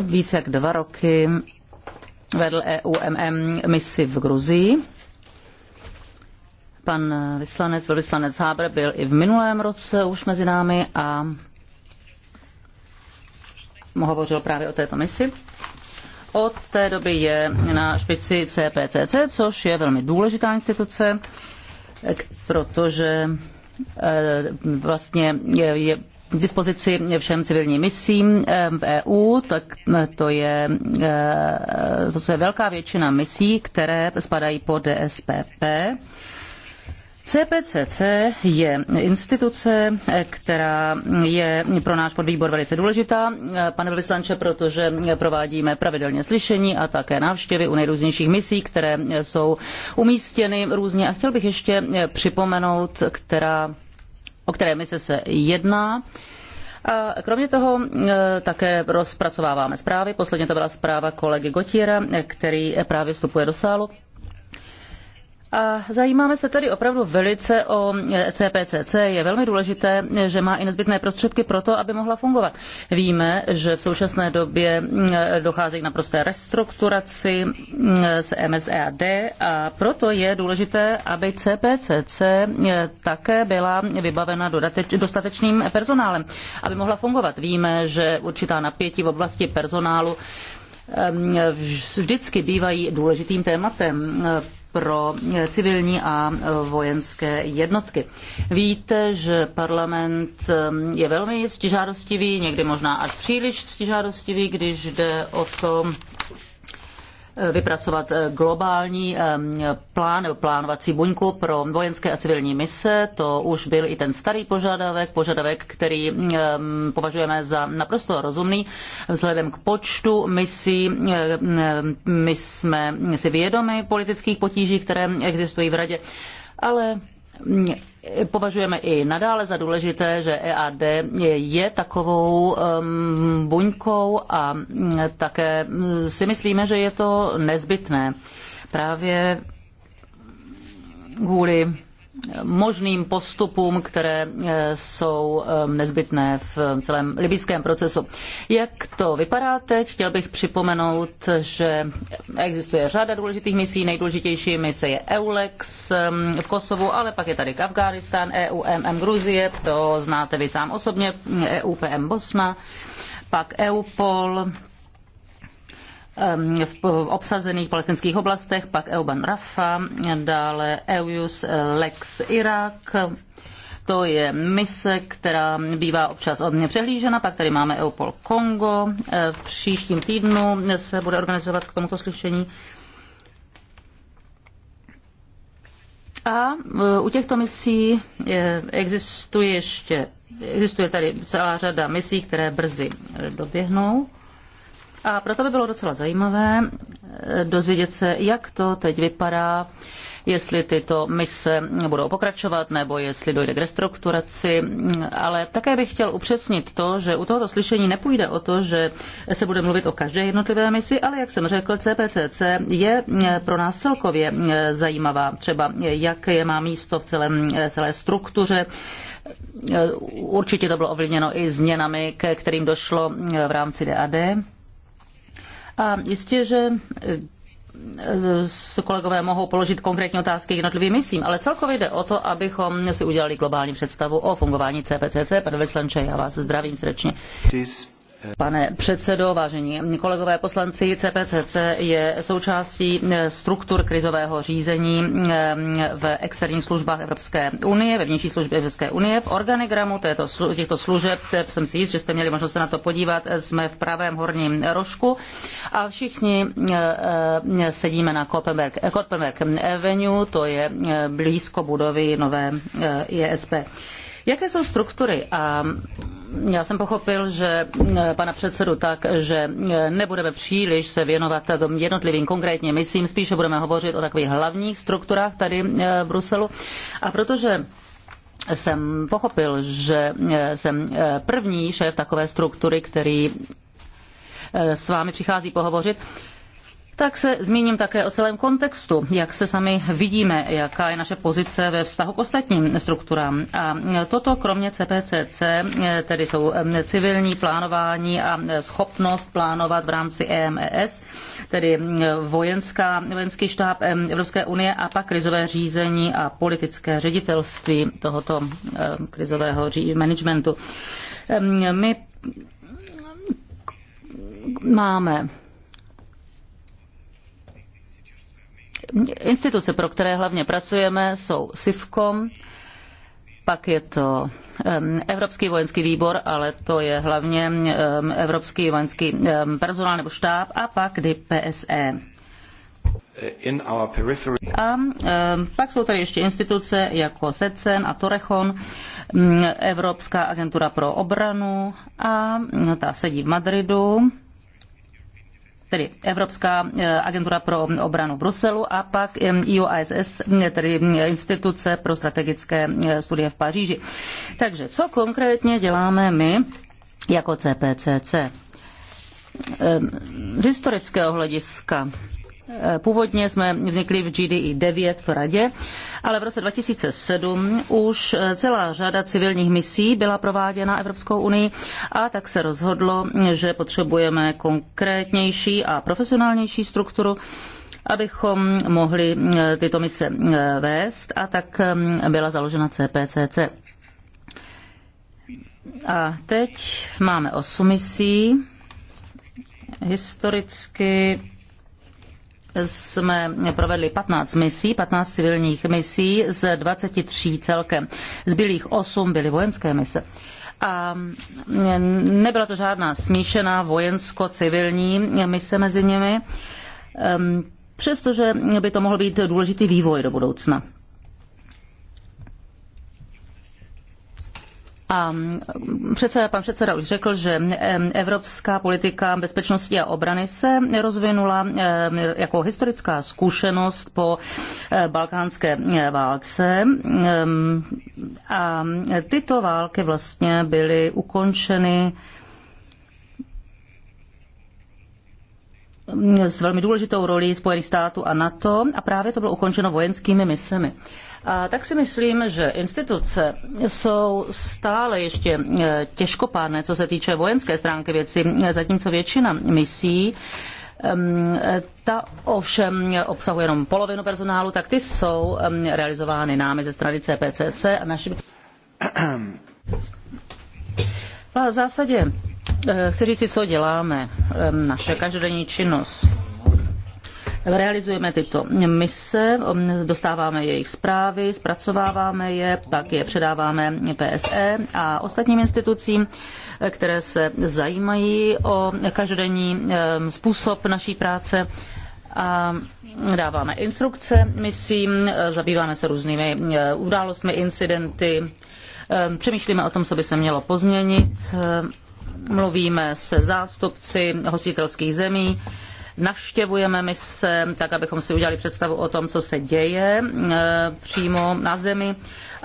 více jak dva roky vedl EUMM misi v Gruzii. Pan vyslanec, velvyslanec Háber byl i v minulém roce už mezi námi a hovořil právě o této misi. Od té doby je na špici CPCC, což je velmi důležitá instituce, protože eh, vlastně je, je k dispozici všem civilním misím eh, v EU, tak eh, to je, eh, to je velká většina misí, které spadají pod DSPP. CPCC je instituce, která je pro náš podvýbor velice důležitá, pane vyslanče, protože provádíme pravidelně slyšení a také návštěvy u nejrůznějších misí, které jsou umístěny různě. A chtěl bych ještě připomenout, která o které mise se jedná. A kromě toho e, také rozpracováváme zprávy. Posledně to byla zpráva kolegy Gotíra, který právě vstupuje do sálu. A zajímáme se tedy opravdu velice o CPCC. E, je velmi důležité, že má i nezbytné prostředky pro to, aby mohla fungovat. Víme, že v současné době mm, e, dochází k naprosté restrukturaci mm, e, s MSEAD a proto je důležité, aby CPCC také byla vybavena dostatečným personálem, aby mohla fungovat. Víme, že určitá napětí v oblasti personálu mm, vždycky bývají důležitým tématem pro civilní a vojenské jednotky. Víte, že parlament um, je velmi stižádostivý, někdy možná až příliš stižádostivý, když jde o to, vypracovat eh, globální plán nebo plánovací buňku pro vojenské a civilní mise. To už byl i ten starý požadavek, požadavek, který považujeme za naprosto rozumný vzhledem k počtu misí. Eh, my jsme si vědomi politických potíží, které existují v radě, ale mm, považujeme i nadále za důležité, že EAD je takovou um, buňkou a mm, také mm, si myslíme, že je to nezbytné právě kvůli možným postupům, které eh, jsou eh, nezbytné v celém libyském procesu. Jak to vypadá teď? Chtěl bych připomenout, že existuje řada důležitých misí. Nejdůležitější mise je EULEX eh, v Kosovu, ale pak je tady Afghánistán, EUMM Gruzie, to znáte vy sám osobně, EUPM Bosna, pak EUPOL, Ehm, v obsazených palestinských oblastech, pak Euban Rafa, dále Eujus eh, Lex Irak, to je mise, která bývá občas od mě přehlížena, pak tady máme Eupol Kongo, eh, v příštím týdnu se bude organizovat k tomuto slyšení. A eh, u těchto misí existuje ještě, existuje tady celá řada misí, které brzy doběhnou. A proto by bylo docela zajímavé eh, dozvědět se, jak to teď vypadá, jestli tyto mise budou pokračovat nebo jestli dojde k restrukturaci. Ale také bych chtěl upřesnit to, že u tohoto slyšení nepůjde o to, že se bude mluvit o každé jednotlivé misi, ale jak jsem řekl, CPCC je eh, pro nás celkově eh, zajímavá. Třeba jak je má místo v celém, celé struktuře Určitě to bylo ovlivněno i změnami, ke kterým došlo v rámci DAD. A jistě, že eh, kolegové mohou položit konkrétní otázky k jednotlivým misím, ale celkově jde o to, abychom si udělali globální představu o fungování CPCC. Pane Veslenče, já vás zdravím srdečně. Tis. Pane předsedo, vážení kolegové poslanci, CPCC je součástí struktur krizového řízení v externích službách Evropské unie, ve vnější službě Evropské unie. V organigramu této, těchto služeb, jsem si jist, že jste měli možnost se na to podívat, jsme v pravém horním rožku a všichni sedíme na Koppenberg, Koppenberg Avenue, to je blízko budovy nové ISP. Jaké jsou struktury? A já jsem pochopil, že e, pana předsedu tak, že e, nebudeme příliš se věnovat jednotlivým konkrétně misím, spíše budeme hovořit o takových hlavních strukturách tady e, v Bruselu. A protože jsem pochopil, že jsem první šéf takové struktury, který s vámi přichází pohovořit, tak se zmíním také o celém kontextu, jak se sami vidíme, jaká je naše pozice ve vztahu k ostatním strukturám. A toto kromě CPCC, tedy jsou civilní plánování a schopnost plánovat v rámci EMES, tedy vojenská, vojenský štáb Evropské unie a pak krizové řízení a politické ředitelství tohoto krizového managementu. My máme Instituce, pro které hlavně pracujeme, jsou SIFCOM, pak je to Evropský vojenský výbor, ale to je hlavně Evropský vojenský personál nebo štáb a pak DPSE. A pak jsou tady ještě instituce jako SECEN a Torechon, Evropská agentura pro obranu a ta sedí v Madridu tedy Evropská eh, agentura pro obranu Bruselu a pak eh, IOSS, eh, tedy instituce pro strategické studie v Paříži. Takže co konkrétně děláme my jako CPCC? Z historického hlediska Eh, původně jsme vznikli v GDI 9 e v Radě, ale v roce 2007 už eh, celá řada civilních misí byla prováděna Evropskou unii a tak se rozhodlo, že potřebujeme konkrétnější a profesionálnější strukturu, abychom mohli eh, tyto mise vést a tak byla založena CPCC. A teď máme osm misí. Historicky jsme provedli 15 misí, 15 civilních misí z 23 celkem. Zbylých 8 byly vojenské mise a nebyla to žádná smíšená vojensko-civilní mise mezi nimi, ehm, přestože by to mohl být důležitý vývoj do budoucna. A mm, předseda, pan předseda už řekl, že mm, evropská politika bezpečnosti a obrany se rozvinula mm, jako historická zkušenost po balkánské válce. A tyto války vlastně byly ukončeny s velmi důležitou rolí Spojených států a NATO a právě to bylo ukončeno vojenskými misemi tak si myslím, že instituce jsou stále ještě e, těžkopádné, co se týče vojenské stránky věci, zatímco většina misí ta ovšem obsahuje jenom polovinu personálu, tak ty jsou realizovány námi ze strany CPCC a našimi... V zásadě e, chci říct, co děláme, naše každodenní činnost realizujeme tyto mise, dostáváme jejich zprávy, zpracováváme je, pak je předáváme PSE a ostatním institucím, které se zajímají o každodenní způsob naší práce a dáváme instrukce misím, zabýváme se různými e, událostmi, incidenty, přemýšlíme o tom, co by se mělo pozměnit, mluvíme se zástupci hostitelských zemí, Navštěvujeme mise, tak abychom si udělali představu o tom, co se děje e, přímo na zemi.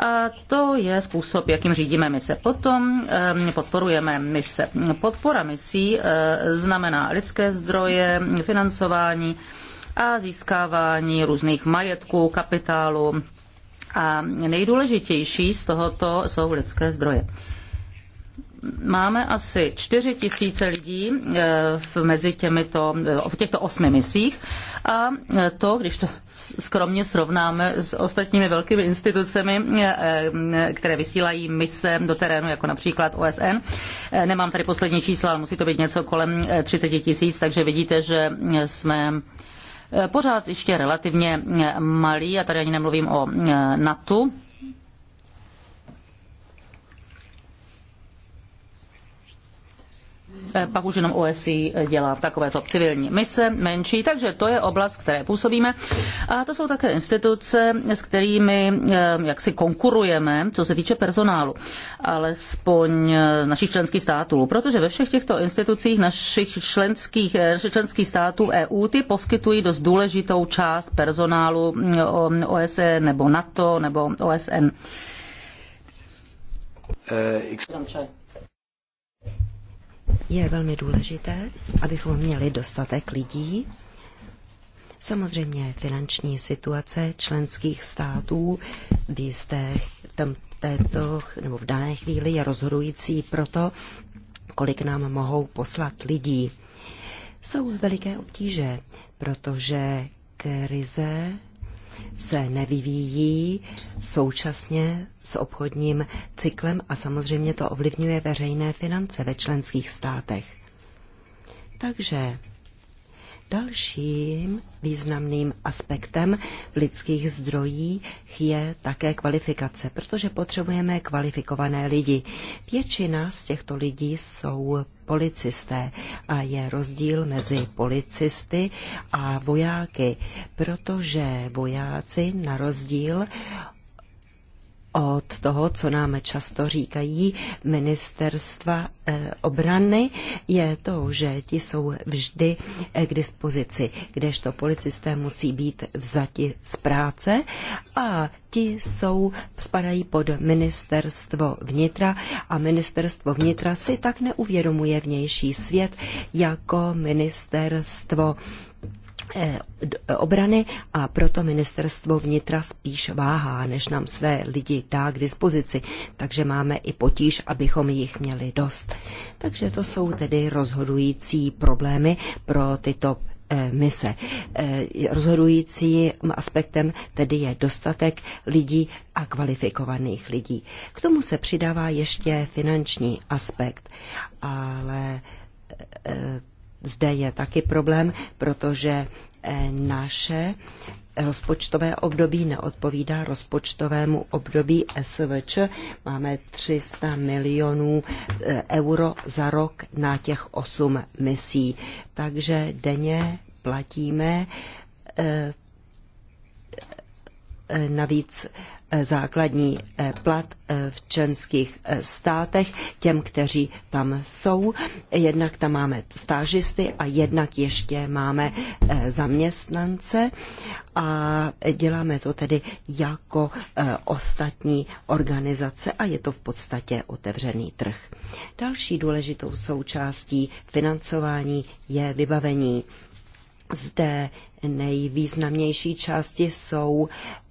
A to je způsob, jakým řídíme mise. Potom e, podporujeme mise. Podpora misí e, znamená lidské zdroje, financování a získávání různých majetků, kapitálu. A nejdůležitější z tohoto jsou lidské zdroje máme asi 4 tisíce lidí eh, mezi těmito, eh, v těchto osmi misích a eh, to, když to skromně srovnáme s ostatními velkými institucemi, které vysílají mise do terénu, jako například OSN, nemám tady poslední čísla, ale musí to být něco kolem 30 tisíc, takže vidíte, že jsme pořád ještě relativně malí a tady ani nemluvím o NATO, Eh, pak už jenom OSI dělá v takovéto civilní mise, menší, takže to je oblast, které působíme. A to jsou také instituce, s kterými eh, jak si konkurujeme, co se týče personálu, alespoň eh, našich členských států, protože ve všech těchto institucích našich členských, našich členských států EU ty poskytují dost důležitou část personálu mm, OSE nebo NATO nebo OSN. Uh, je velmi důležité, abychom měli dostatek lidí. Samozřejmě finanční situace členských států v jisté tam, této, nebo v dané chvíli je rozhodující pro to, kolik nám mohou poslat lidí. Jsou veliké obtíže, protože krize se nevyvíjí současně s obchodním cyklem a samozřejmě to ovlivňuje veřejné finance ve členských státech. Takže dalším významným aspektem v lidských zdrojích je také kvalifikace, protože potřebujeme kvalifikované lidi. Většina z těchto lidí jsou policisté a je rozdíl mezi policisty a vojáky, protože vojáci na rozdíl od toho, co nám často říkají ministerstva eh, obrany, je to, že ti jsou vždy eh, k dispozici, kdežto policisté musí být vzati z práce a ti jsou, spadají pod ministerstvo vnitra a ministerstvo vnitra si tak neuvědomuje vnější svět jako ministerstvo Eh, eh, obrany a proto ministerstvo vnitra spíš váhá, než nám své lidi dá k dispozici, takže máme i potíž, abychom jich měli dost. Takže to jsou tedy rozhodující problémy pro tyto eh, mise. Rozhodujícím aspektem tedy je dostatek lidí a kvalifikovaných lidí. K tomu se přidává ještě finanční aspekt, ale zde je taky problém, protože eh, naše rozpočtové období neodpovídá rozpočtovému období SVČ. Máme 300 milionů eh, euro za rok na těch 8 misí. Takže denně platíme eh, navíc Eh, základní eh, plat eh, v členských státech těm, kteří tam jsou. Jednak tam máme stážisty a jednak ještě máme zaměstnance a děláme to tedy jako ostatní organizace a je to v podstatě otevřený trh. Další důležitou součástí financování je vybavení. Zde nejvýznamnější části jsou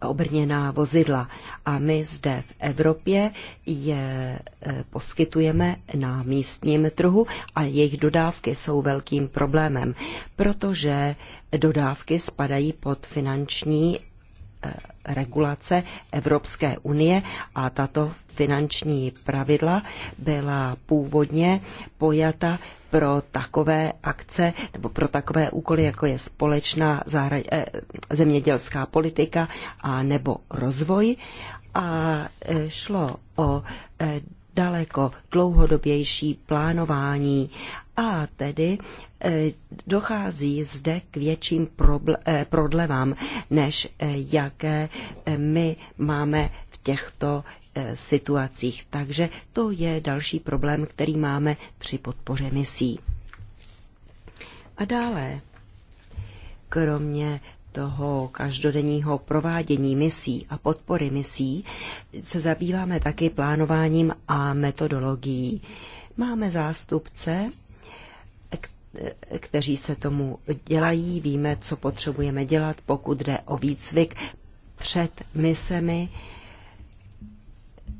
obrněná vozidla. A my zde v Evropě je eh, poskytujeme na místním trhu a jejich dodávky jsou velkým problémem, protože dodávky spadají pod finanční Eh, regulace Evropské unie a tato finanční pravidla byla původně pojata pro takové akce nebo pro takové úkoly, jako je společná eh, zemědělská politika a nebo rozvoj. A eh, šlo o daleko dlouhodobější plánování a tedy eh, dochází zde k větším eh, prodlevám, než eh, jaké my máme v těchto situacích. Takže to je další problém, který máme při podpoře misí. A dále, kromě toho každodenního provádění misí a podpory misí se zabýváme taky plánováním a metodologií. Máme zástupce kteří se tomu dělají, víme, co potřebujeme dělat, pokud jde o výcvik před misemi.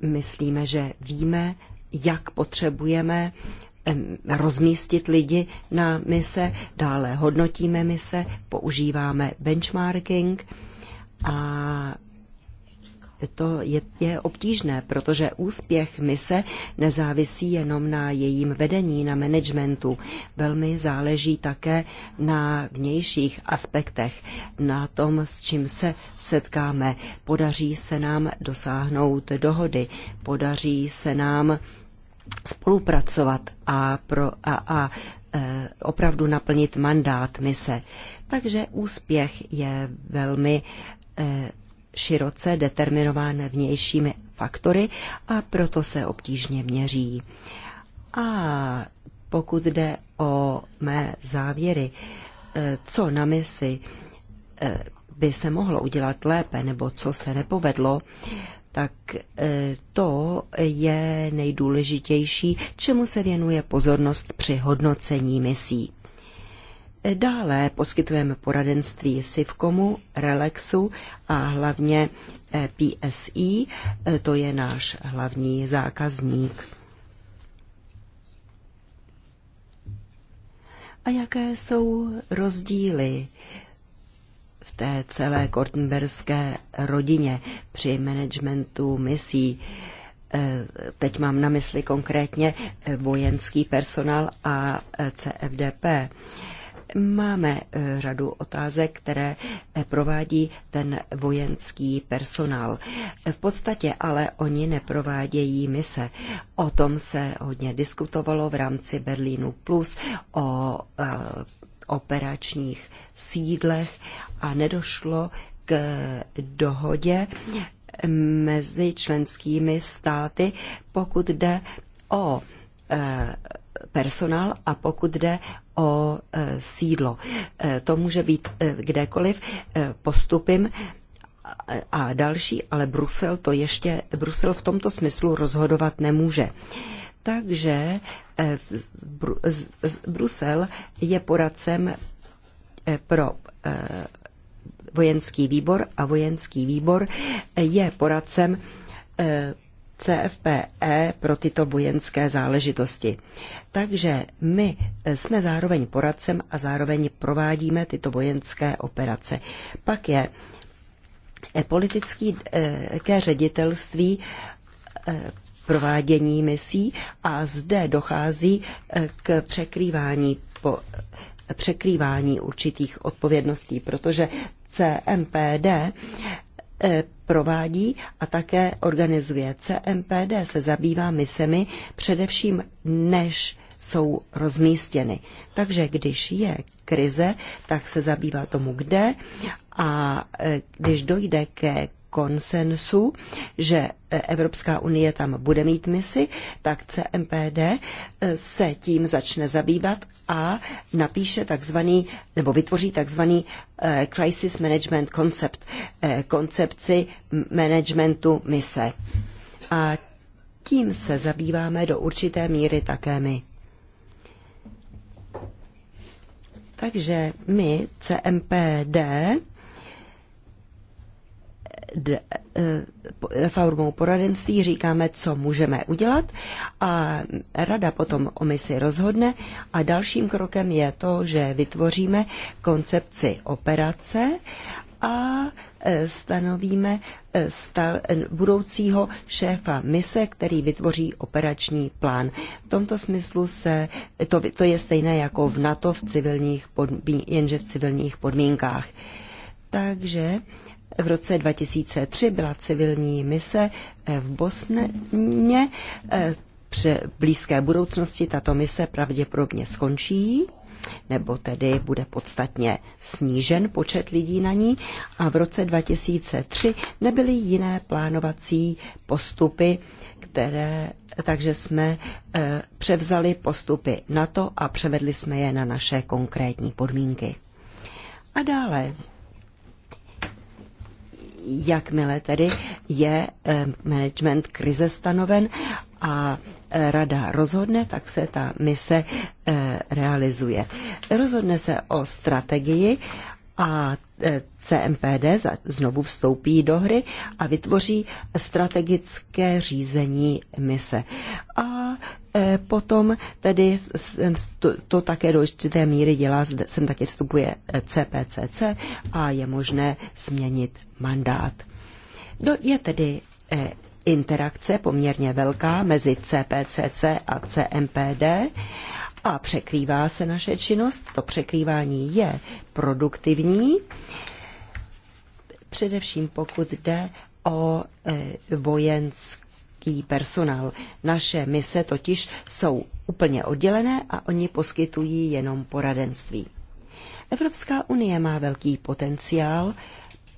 Myslíme, že víme, jak potřebujeme rozmístit lidi na mise, dále hodnotíme mise, používáme benchmarking a to je, je obtížné, protože úspěch mise nezávisí jenom na jejím vedení, na managementu. Velmi záleží také na vnějších aspektech, na tom, s čím se setkáme. Podaří se nám dosáhnout dohody, podaří se nám spolupracovat a, pro, a, a e, opravdu naplnit mandát mise. Takže úspěch je velmi e, široce determinován vnějšími faktory a proto se obtížně měří. A pokud jde o mé závěry, eh, co na misi eh, by se mohlo udělat lépe nebo co se nepovedlo, tak eh, to je nejdůležitější, čemu se věnuje pozornost při hodnocení misí. Dále poskytujeme poradenství Sivkomu, Relexu a hlavně eh, PSI, eh, to je náš hlavní zákazník. A jaké jsou rozdíly v té celé kortenberské rodině při managementu misí? Eh, teď mám na mysli konkrétně vojenský personál a CFDP. Máme eh, řadu otázek, které eh, provádí ten vojenský personál. V podstatě ale oni neprovádějí mise. O tom se hodně diskutovalo v rámci Berlínu Plus, o eh, operačních sídlech a nedošlo k dohodě mezi členskými státy, pokud jde o personál a pokud jde o e, sídlo. E, to může být e, kdekoliv, postupím a další, ale Brusel to ještě, Brusel v tomto smyslu rozhodovat nemůže. Takže Brusel je poradcem pro vojenský výbor a vojenský výbor je poradcem CFPE pro tyto vojenské záležitosti. Takže my eh, jsme zároveň poradcem a zároveň provádíme tyto vojenské operace. Pak je eh, politické eh, ředitelství provádění misí a zde dochází k překrývání po, překrývání určitých odpovědností, protože CMPD E, provádí a také organizuje. CMPD se zabývá misemi především než jsou rozmístěny. Takže když je krize, tak se zabývá tomu, kde a e, když dojde ke konsensu, že Evropská unie tam bude mít misi, tak CMPD eh, se tím začne zabývat a napíše takzvaný, nebo vytvoří takzvaný eh, crisis management koncept, eh, koncepci managementu mise. A tím se zabýváme do určité míry také my. Takže my CMPD Eh, formou poradenství říkáme, co můžeme udělat a rada potom o misi rozhodne a dalším krokem je to, že vytvoříme koncepci operace a eh, stanovíme eh, stav, budoucího šéfa mise, který vytvoří operační plán. V tomto smyslu se, to, to je stejné jako v NATO, v civilních podmín, jenže v civilních podmínkách. Takže v roce 2003 byla civilní mise eh, v Bosně. Eh, při blízké budoucnosti tato mise pravděpodobně skončí nebo tedy bude podstatně snížen počet lidí na ní a v roce 2003 nebyly jiné plánovací postupy, které, takže jsme e, převzali postupy NATO a převedli jsme je na naše konkrétní podmínky. A dále jakmile tedy je eh, management krize stanoven a eh, rada rozhodne, tak se ta mise eh, realizuje. Rozhodne se o strategii a e, CMPD znovu vstoupí do hry a vytvoří strategické řízení mise. A e, potom tedy to také do určité míry dělá, sem také vstupuje CPCC e, a je možné změnit mandát. No, je tedy interakce poměrně velká mezi CPCC a CMPD a překrývá se naše činnost. To překrývání je produktivní, především pokud jde o e, vojenský personál. Naše mise totiž jsou úplně oddělené a oni poskytují jenom poradenství. Evropská unie má velký potenciál,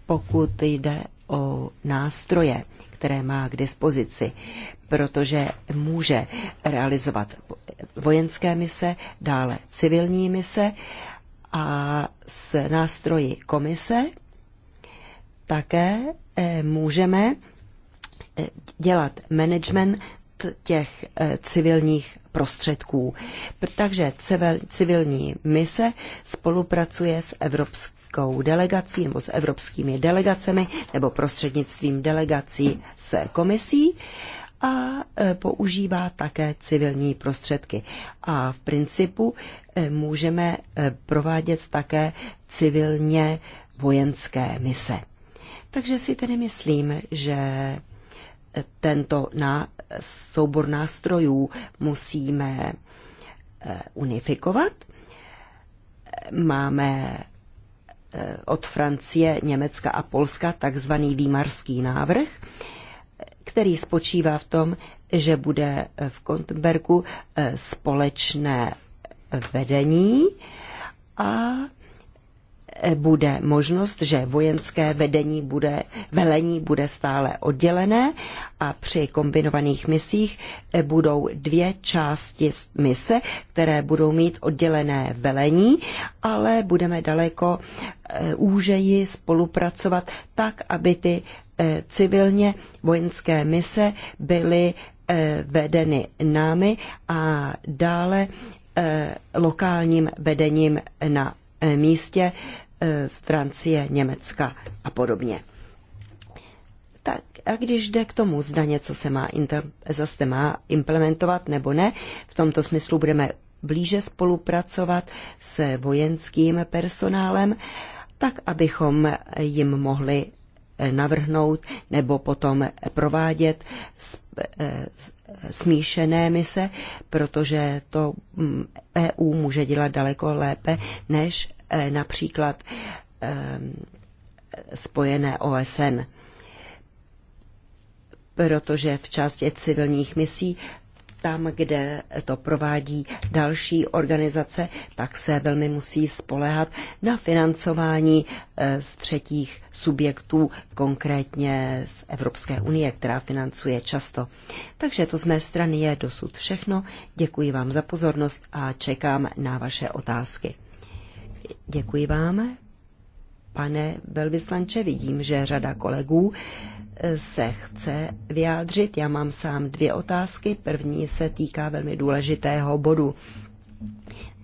pokud jde o nástroje, které má k dispozici protože může realizovat vojenské mise, dále civilní mise a s nástroji komise také eh, můžeme eh, dělat management těch eh, civilních prostředků. Takže civilní mise spolupracuje s evropskou delegací nebo s evropskými delegacemi nebo prostřednictvím delegací se komisí a e, používá také civilní prostředky. A v principu e, můžeme e, provádět také civilně vojenské mise. Takže si tedy myslím, že tento na soubor nástrojů musíme unifikovat. Máme od Francie, Německa a Polska takzvaný výmarský návrh, který spočívá v tom, že bude v Kontenbergu eh, společné vedení a bude možnost, že vojenské vedení bude, velení bude stále oddělené a při kombinovaných misích eh, budou dvě části mise, které budou mít oddělené velení, ale budeme daleko eh, úžeji spolupracovat tak, aby ty eh, civilně vojenské mise byly vedeny námi a dále lokálním vedením na místě E, z Francie, Německa a podobně. Tak a když jde k tomu, zda něco se má, inter, zase má implementovat nebo ne, v tomto smyslu budeme blíže spolupracovat se vojenským personálem, tak abychom jim mohli e, navrhnout nebo potom provádět e, smíšené mise, protože to EU může dělat daleko lépe než Eh, například ehm, spojené OSN. Protože v části civilních misí tam, kde to provádí další organizace, tak se velmi musí spolehat na financování eh, z třetích subjektů, konkrétně z Evropské unie, která financuje často. Takže to z mé strany je dosud všechno. Děkuji vám za pozornost a čekám na vaše otázky. Děkuji vám. Pane velvyslanče, vidím, že řada kolegů eh, se chce vyjádřit. Já mám sám dvě otázky. První se týká velmi důležitého bodu.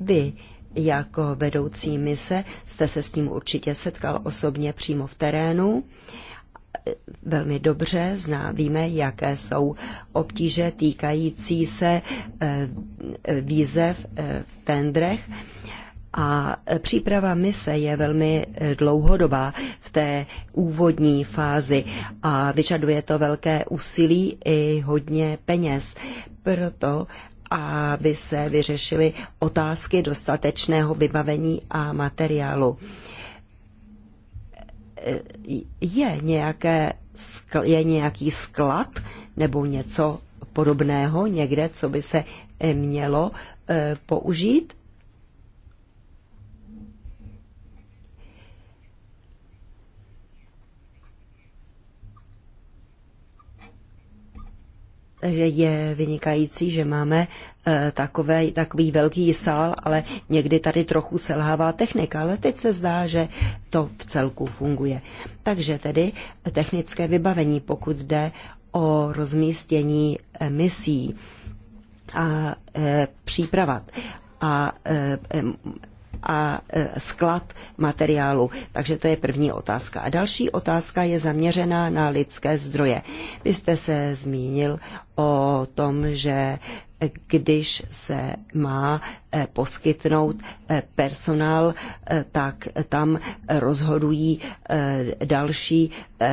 Vy jako vedoucí mise jste se s tím určitě setkal osobně přímo v terénu eh, velmi dobře zná, víme, jaké jsou obtíže týkající se eh, výzev v tendrech. A e, příprava mise je velmi e, dlouhodobá v té úvodní fázi a vyžaduje to velké úsilí i hodně peněz. Proto aby se vyřešily otázky dostatečného vybavení a materiálu. E, je, nějaké, je nějaký sklad nebo něco podobného někde, co by se mělo použít? že je vynikající, že máme eh, takové, takový velký sál, ale někdy tady trochu selhává technika, ale teď se zdá, že to v celku funguje. Takže tedy technické vybavení, pokud jde o rozmístění misí a e, eh, přípravat a e, a e, sklad materiálu. Takže to je první otázka. A další otázka je zaměřená na lidské zdroje. Vy jste se zmínil o tom, že když se má e, poskytnout e, personál, tak tam rozhodují další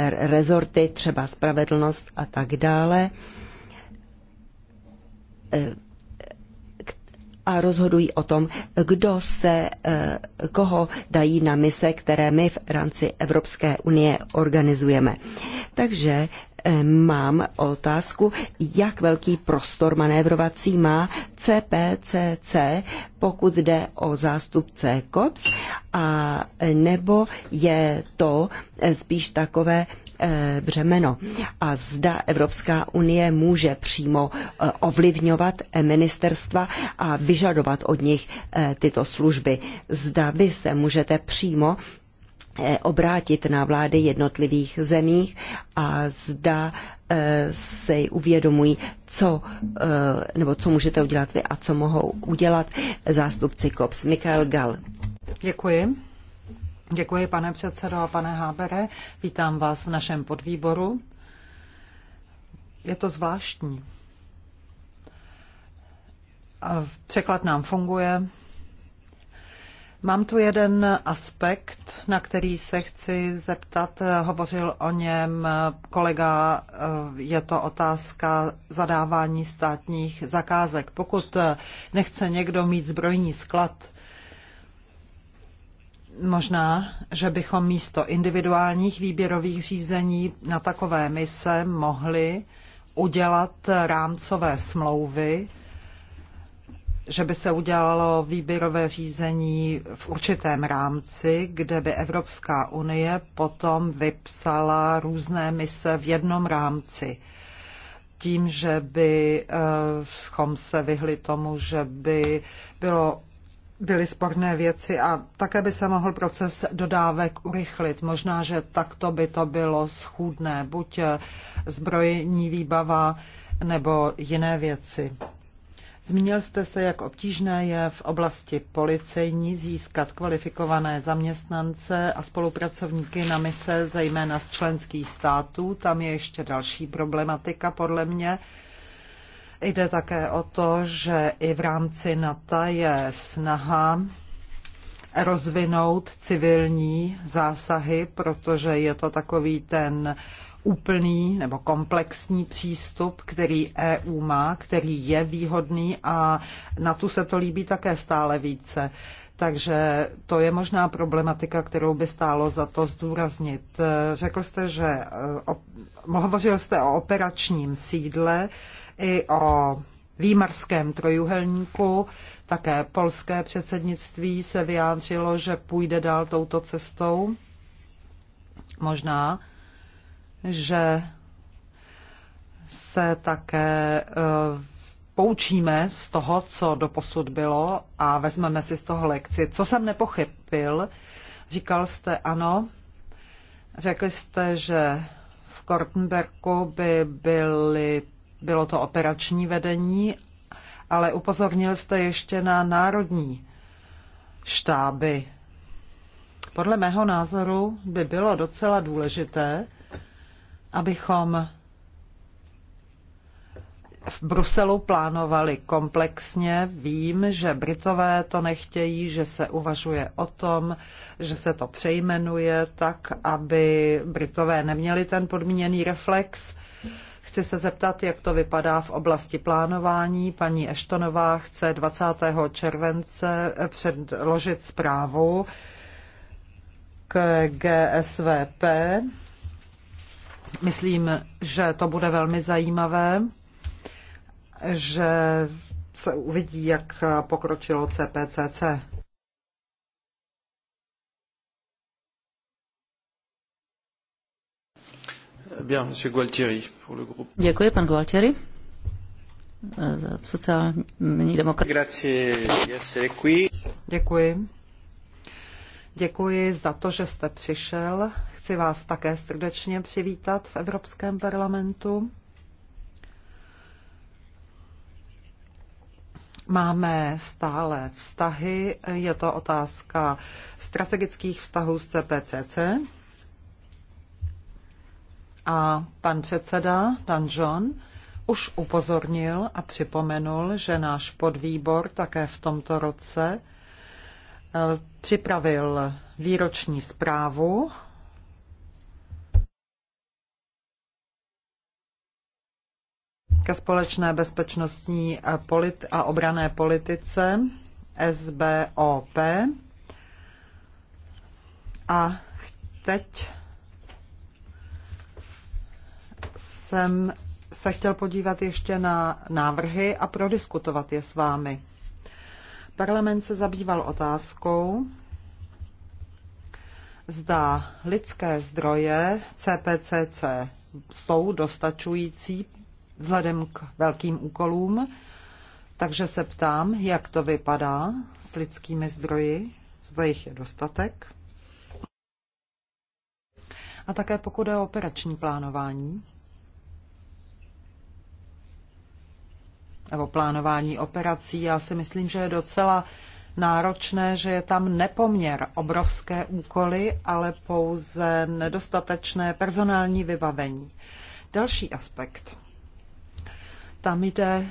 rezorty, třeba spravedlnost a tak dále a rozhodují o tom, kdo se, eh, koho dají na mise, které my v rámci Evropské unie organizujeme. Takže eh, mám otázku, jak velký prostor manévrovací má CPCC, pokud jde o zástupce COPS, a nebo je to eh, spíš takové Eh, břemeno. A zda Evropská unie může přímo eh, ovlivňovat eh, ministerstva a vyžadovat od nich tyto služby. Zda vy se můžete přímo obrátit na vlády jednotlivých zemích a zda si uvědomují, co, nebo co můžete udělat vy a co mohou udělat zástupci COPS. Michael Gal. Děkuji. Děkuji, pane předsedo a pane Hábere. Vítám vás v našem podvýboru. Je to zvláštní. Překlad nám funguje. Mám tu jeden aspekt, na který se chci zeptat. Hovořil o něm kolega, je to otázka zadávání státních zakázek. Pokud nechce někdo mít zbrojní sklad, Možná, že bychom místo individuálních výběrových řízení na takové mise mohli udělat rámcové smlouvy, že by se udělalo výběrové řízení v určitém rámci, kde by Evropská unie potom vypsala různé mise v jednom rámci. Tím, že bychom eh, se vyhli tomu, že by bylo byly sporné věci a také by se mohl proces dodávek urychlit. Možná, že takto by to bylo schůdné, buď eh, zbrojení výbava nebo jiné věci. Zmínil jste se, jak obtížné je v oblasti policejní získat kvalifikované zaměstnance a spolupracovníky na mise, zejména z členských států. Tam je ještě další problematika, podle mě. Jde také o to, že i v rámci NATO je snaha rozvinout civilní zásahy, protože je to takový ten úplný nebo komplexní přístup, který EU má, který je výhodný a na tu se to líbí také stále více. Takže to je možná problematika, kterou by stálo za to zdůraznit. Řekl jste, že hovořil jste o operačním sídle, i o výmarském trojuhelníku. Také polské předsednictví se vyjádřilo, že půjde dál touto cestou. Možná, že se také eh, poučíme z toho, co doposud bylo a vezmeme si z toho lekci. Co jsem nepochybil, říkal jste ano, řekli jste, že v Kortenberku by byly bylo to operační vedení, ale upozornil jste ještě na národní štáby. Podle mého názoru by bylo docela důležité, abychom v Bruselu plánovali komplexně. Vím, že Britové to nechtějí, že se uvažuje o tom, že se to přejmenuje tak, aby Britové neměli ten podmíněný reflex. Chci se zeptat, jak to vypadá v oblasti plánování. Paní Eštonová chce 20. července předložit zprávu k GSVP. Myslím, že to bude velmi zajímavé, že se uvidí, jak pokročilo CPCC. Děkuji, pan Gualtieri. Sociální Děkuji. Děkuji za to, že jste přišel. Chci vás také srdečně přivítat v Evropském parlamentu. Máme stále vztahy, je to otázka strategických vztahů s CPCC. A pan předseda John už upozornil a připomenul, že náš podvýbor také v tomto roce eh, připravil výroční zprávu ke společné bezpečnostní eh, a obrané politice SBOP. A teď jsem se chtěl podívat ještě na návrhy a prodiskutovat je s vámi. Parlament se zabýval otázkou, zda lidské zdroje CPCC jsou dostačující vzhledem k velkým úkolům. Takže se ptám, jak to vypadá s lidskými zdroji, zda jich je dostatek. A také pokud je o operační plánování, nebo plánování operací. Já si myslím, že je docela náročné, že je tam nepoměr obrovské úkoly, ale pouze nedostatečné personální vybavení. Další aspekt. Tam jde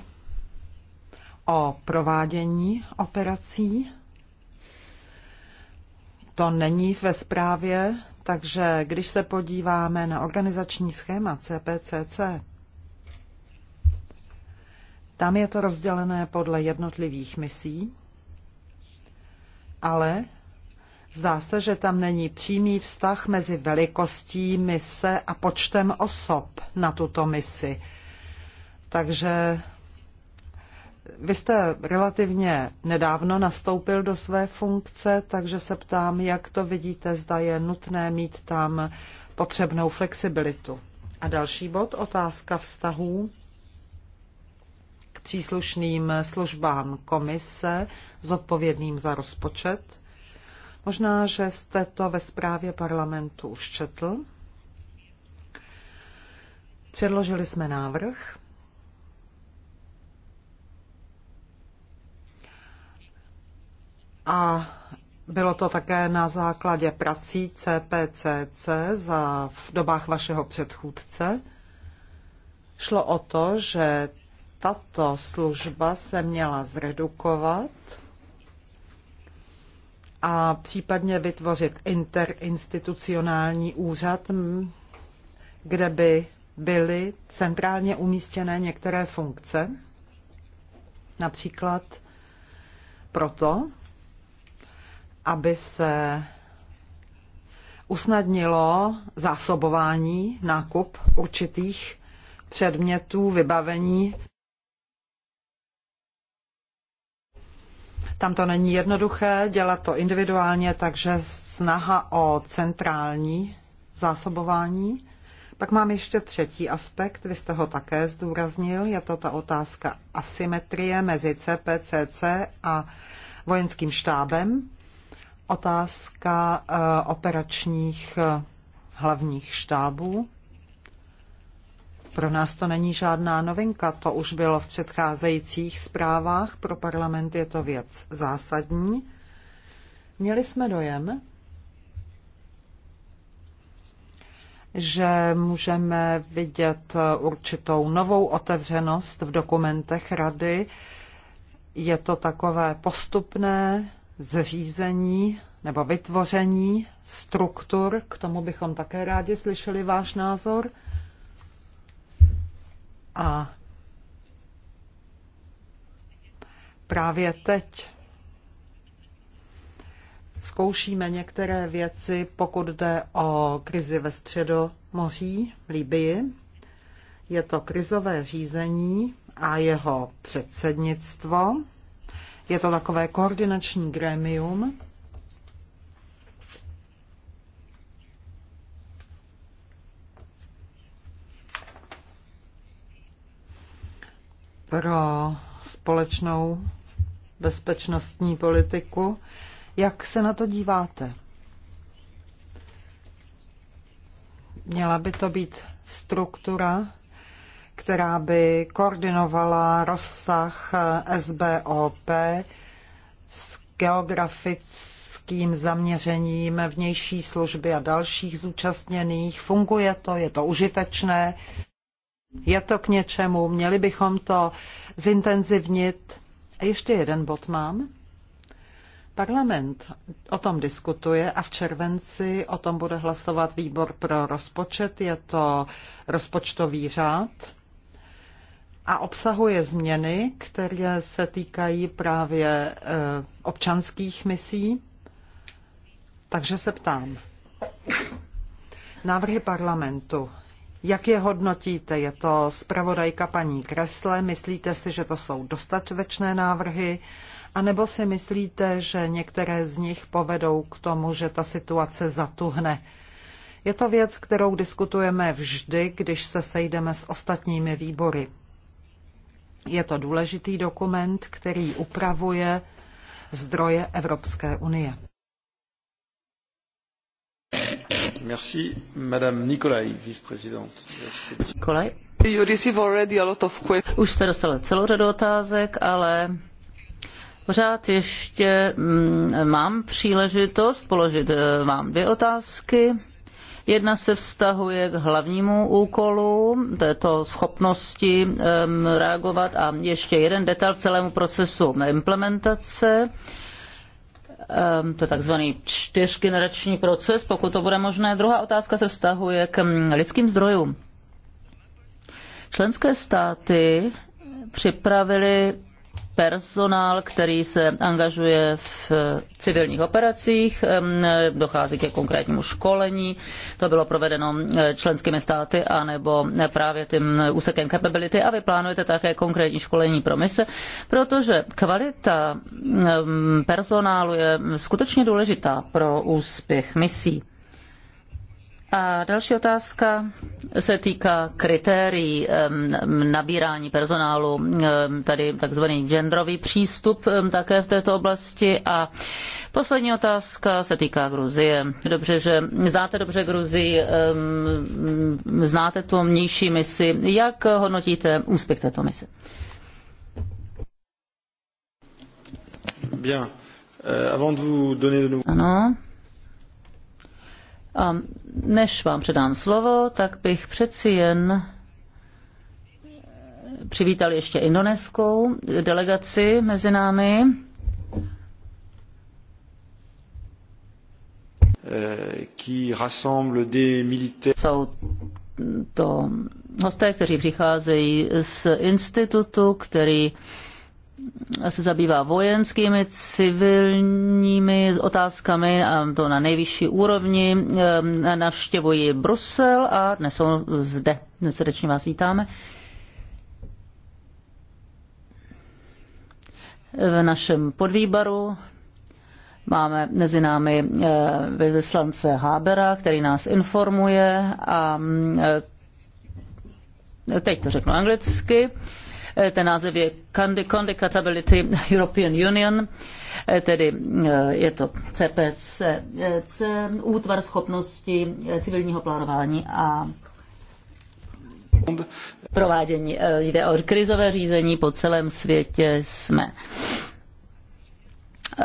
o provádění operací. To není ve zprávě, takže když se podíváme na organizační schéma CPCC, tam je to rozdělené podle jednotlivých misí, ale zdá se, že tam není přímý vztah mezi velikostí mise a počtem osob na tuto misi. Takže vy jste relativně nedávno nastoupil do své funkce, takže se ptám, jak to vidíte, zda je nutné mít tam potřebnou flexibilitu. A další bod, otázka vztahů příslušným službám komise, zodpovědným za rozpočet. Možná, že jste to ve zprávě parlamentu už četl. Předložili jsme návrh. A bylo to také na základě prací CPCC za v dobách vašeho předchůdce. Šlo o to, že tato služba se měla zredukovat a případně vytvořit interinstitucionální úřad, kde by byly centrálně umístěné některé funkce, například proto, aby se usnadnilo zásobování, nákup určitých předmětů, vybavení Tam to není jednoduché dělat to individuálně, takže snaha o centrální zásobování. Pak mám ještě třetí aspekt, vy jste ho také zdůraznil, je to ta otázka asymetrie mezi CPCC a vojenským štábem, otázka eh, operačních eh, hlavních štábů. Pro nás to není žádná novinka, to už bylo v předcházejících zprávách, pro parlament je to věc zásadní. Měli jsme dojem, že můžeme vidět určitou novou otevřenost v dokumentech rady. Je to takové postupné zřízení nebo vytvoření struktur, k tomu bychom také rádi slyšeli váš názor. A právě teď zkoušíme některé věci, pokud jde o krizi ve středomoří, v Libii. Je to krizové řízení a jeho předsednictvo. Je to takové koordinační grémium, pro společnou bezpečnostní politiku. Jak se na to díváte? Měla by to být struktura, která by koordinovala rozsah SBOP s geografickým zaměřením vnější služby a dalších zúčastněných. Funguje to, je to užitečné. Je to k něčemu, měli bychom to zintenzivnit. A ještě jeden bod mám. Parlament o tom diskutuje a v červenci o tom bude hlasovat výbor pro rozpočet. Je to rozpočtový řád a obsahuje změny, které se týkají právě eh, občanských misí. Takže se ptám. Návrhy parlamentu jak je hodnotíte? Je to zpravodajka paní Kresle? Myslíte si, že to jsou dostatečné návrhy? A nebo si myslíte, že některé z nich povedou k tomu, že ta situace zatuhne? Je to věc, kterou diskutujeme vždy, když se sejdeme s ostatními výbory. Je to důležitý dokument, který upravuje zdroje Evropské unie. Už jste dostala celou řadu otázek, ale pořád ještě mm, mám příležitost položit eh, vám dvě otázky. Jedna se vztahuje k hlavnímu úkolu této schopnosti reagovat a ještě jeden detail celému procesu implementace. Ehm, to je takzvaný čtyřgenerační proces, pokud to bude možné. Druhá otázka se vztahuje k mm, lidským zdrojům. Členské státy připravili personál, který se angažuje v eh, civilních operacích, eh, dochází ke konkrétnímu školení, to bylo provedeno eh, členskými státy anebo právě tím úsekem capability a vy plánujete také konkrétní školení pro mise, protože kvalita personálu je skutečně důležitá pro úspěch misí. A další otázka se týká kritérií nabírání personálu, tady takzvaný genderový přístup také v této oblasti. A poslední otázka se týká Gruzie. Dobře, že znáte dobře Gruzii, znáte tu mnější misi. Jak hodnotíte úspěch této mise? Bien. Euh, avant de vous donner de nouveau... Ano, a než vám předám slovo, tak bych přeci jen přivítal ještě indoneskou delegaci mezi námi. Eh, qui rassemble des militaires. Jsou to hosté, kteří přicházejí z institutu, který se zabývá vojenskými, civilními otázkami a to na nejvyšší úrovni. Ehm, navštěvuji Brusel a dnes jsou zde. Srdečně vás vítáme. V našem podvýbaru Máme mezi námi eh, vyslance Hábera, který nás informuje a mm, eh, teď to řeknu anglicky. Eh, ten název je Condicatability European Union, eh, tedy eh, je to CPC, útvar schopnosti civilního plánování a provádění. Jde o krizové řízení po celém světě jsme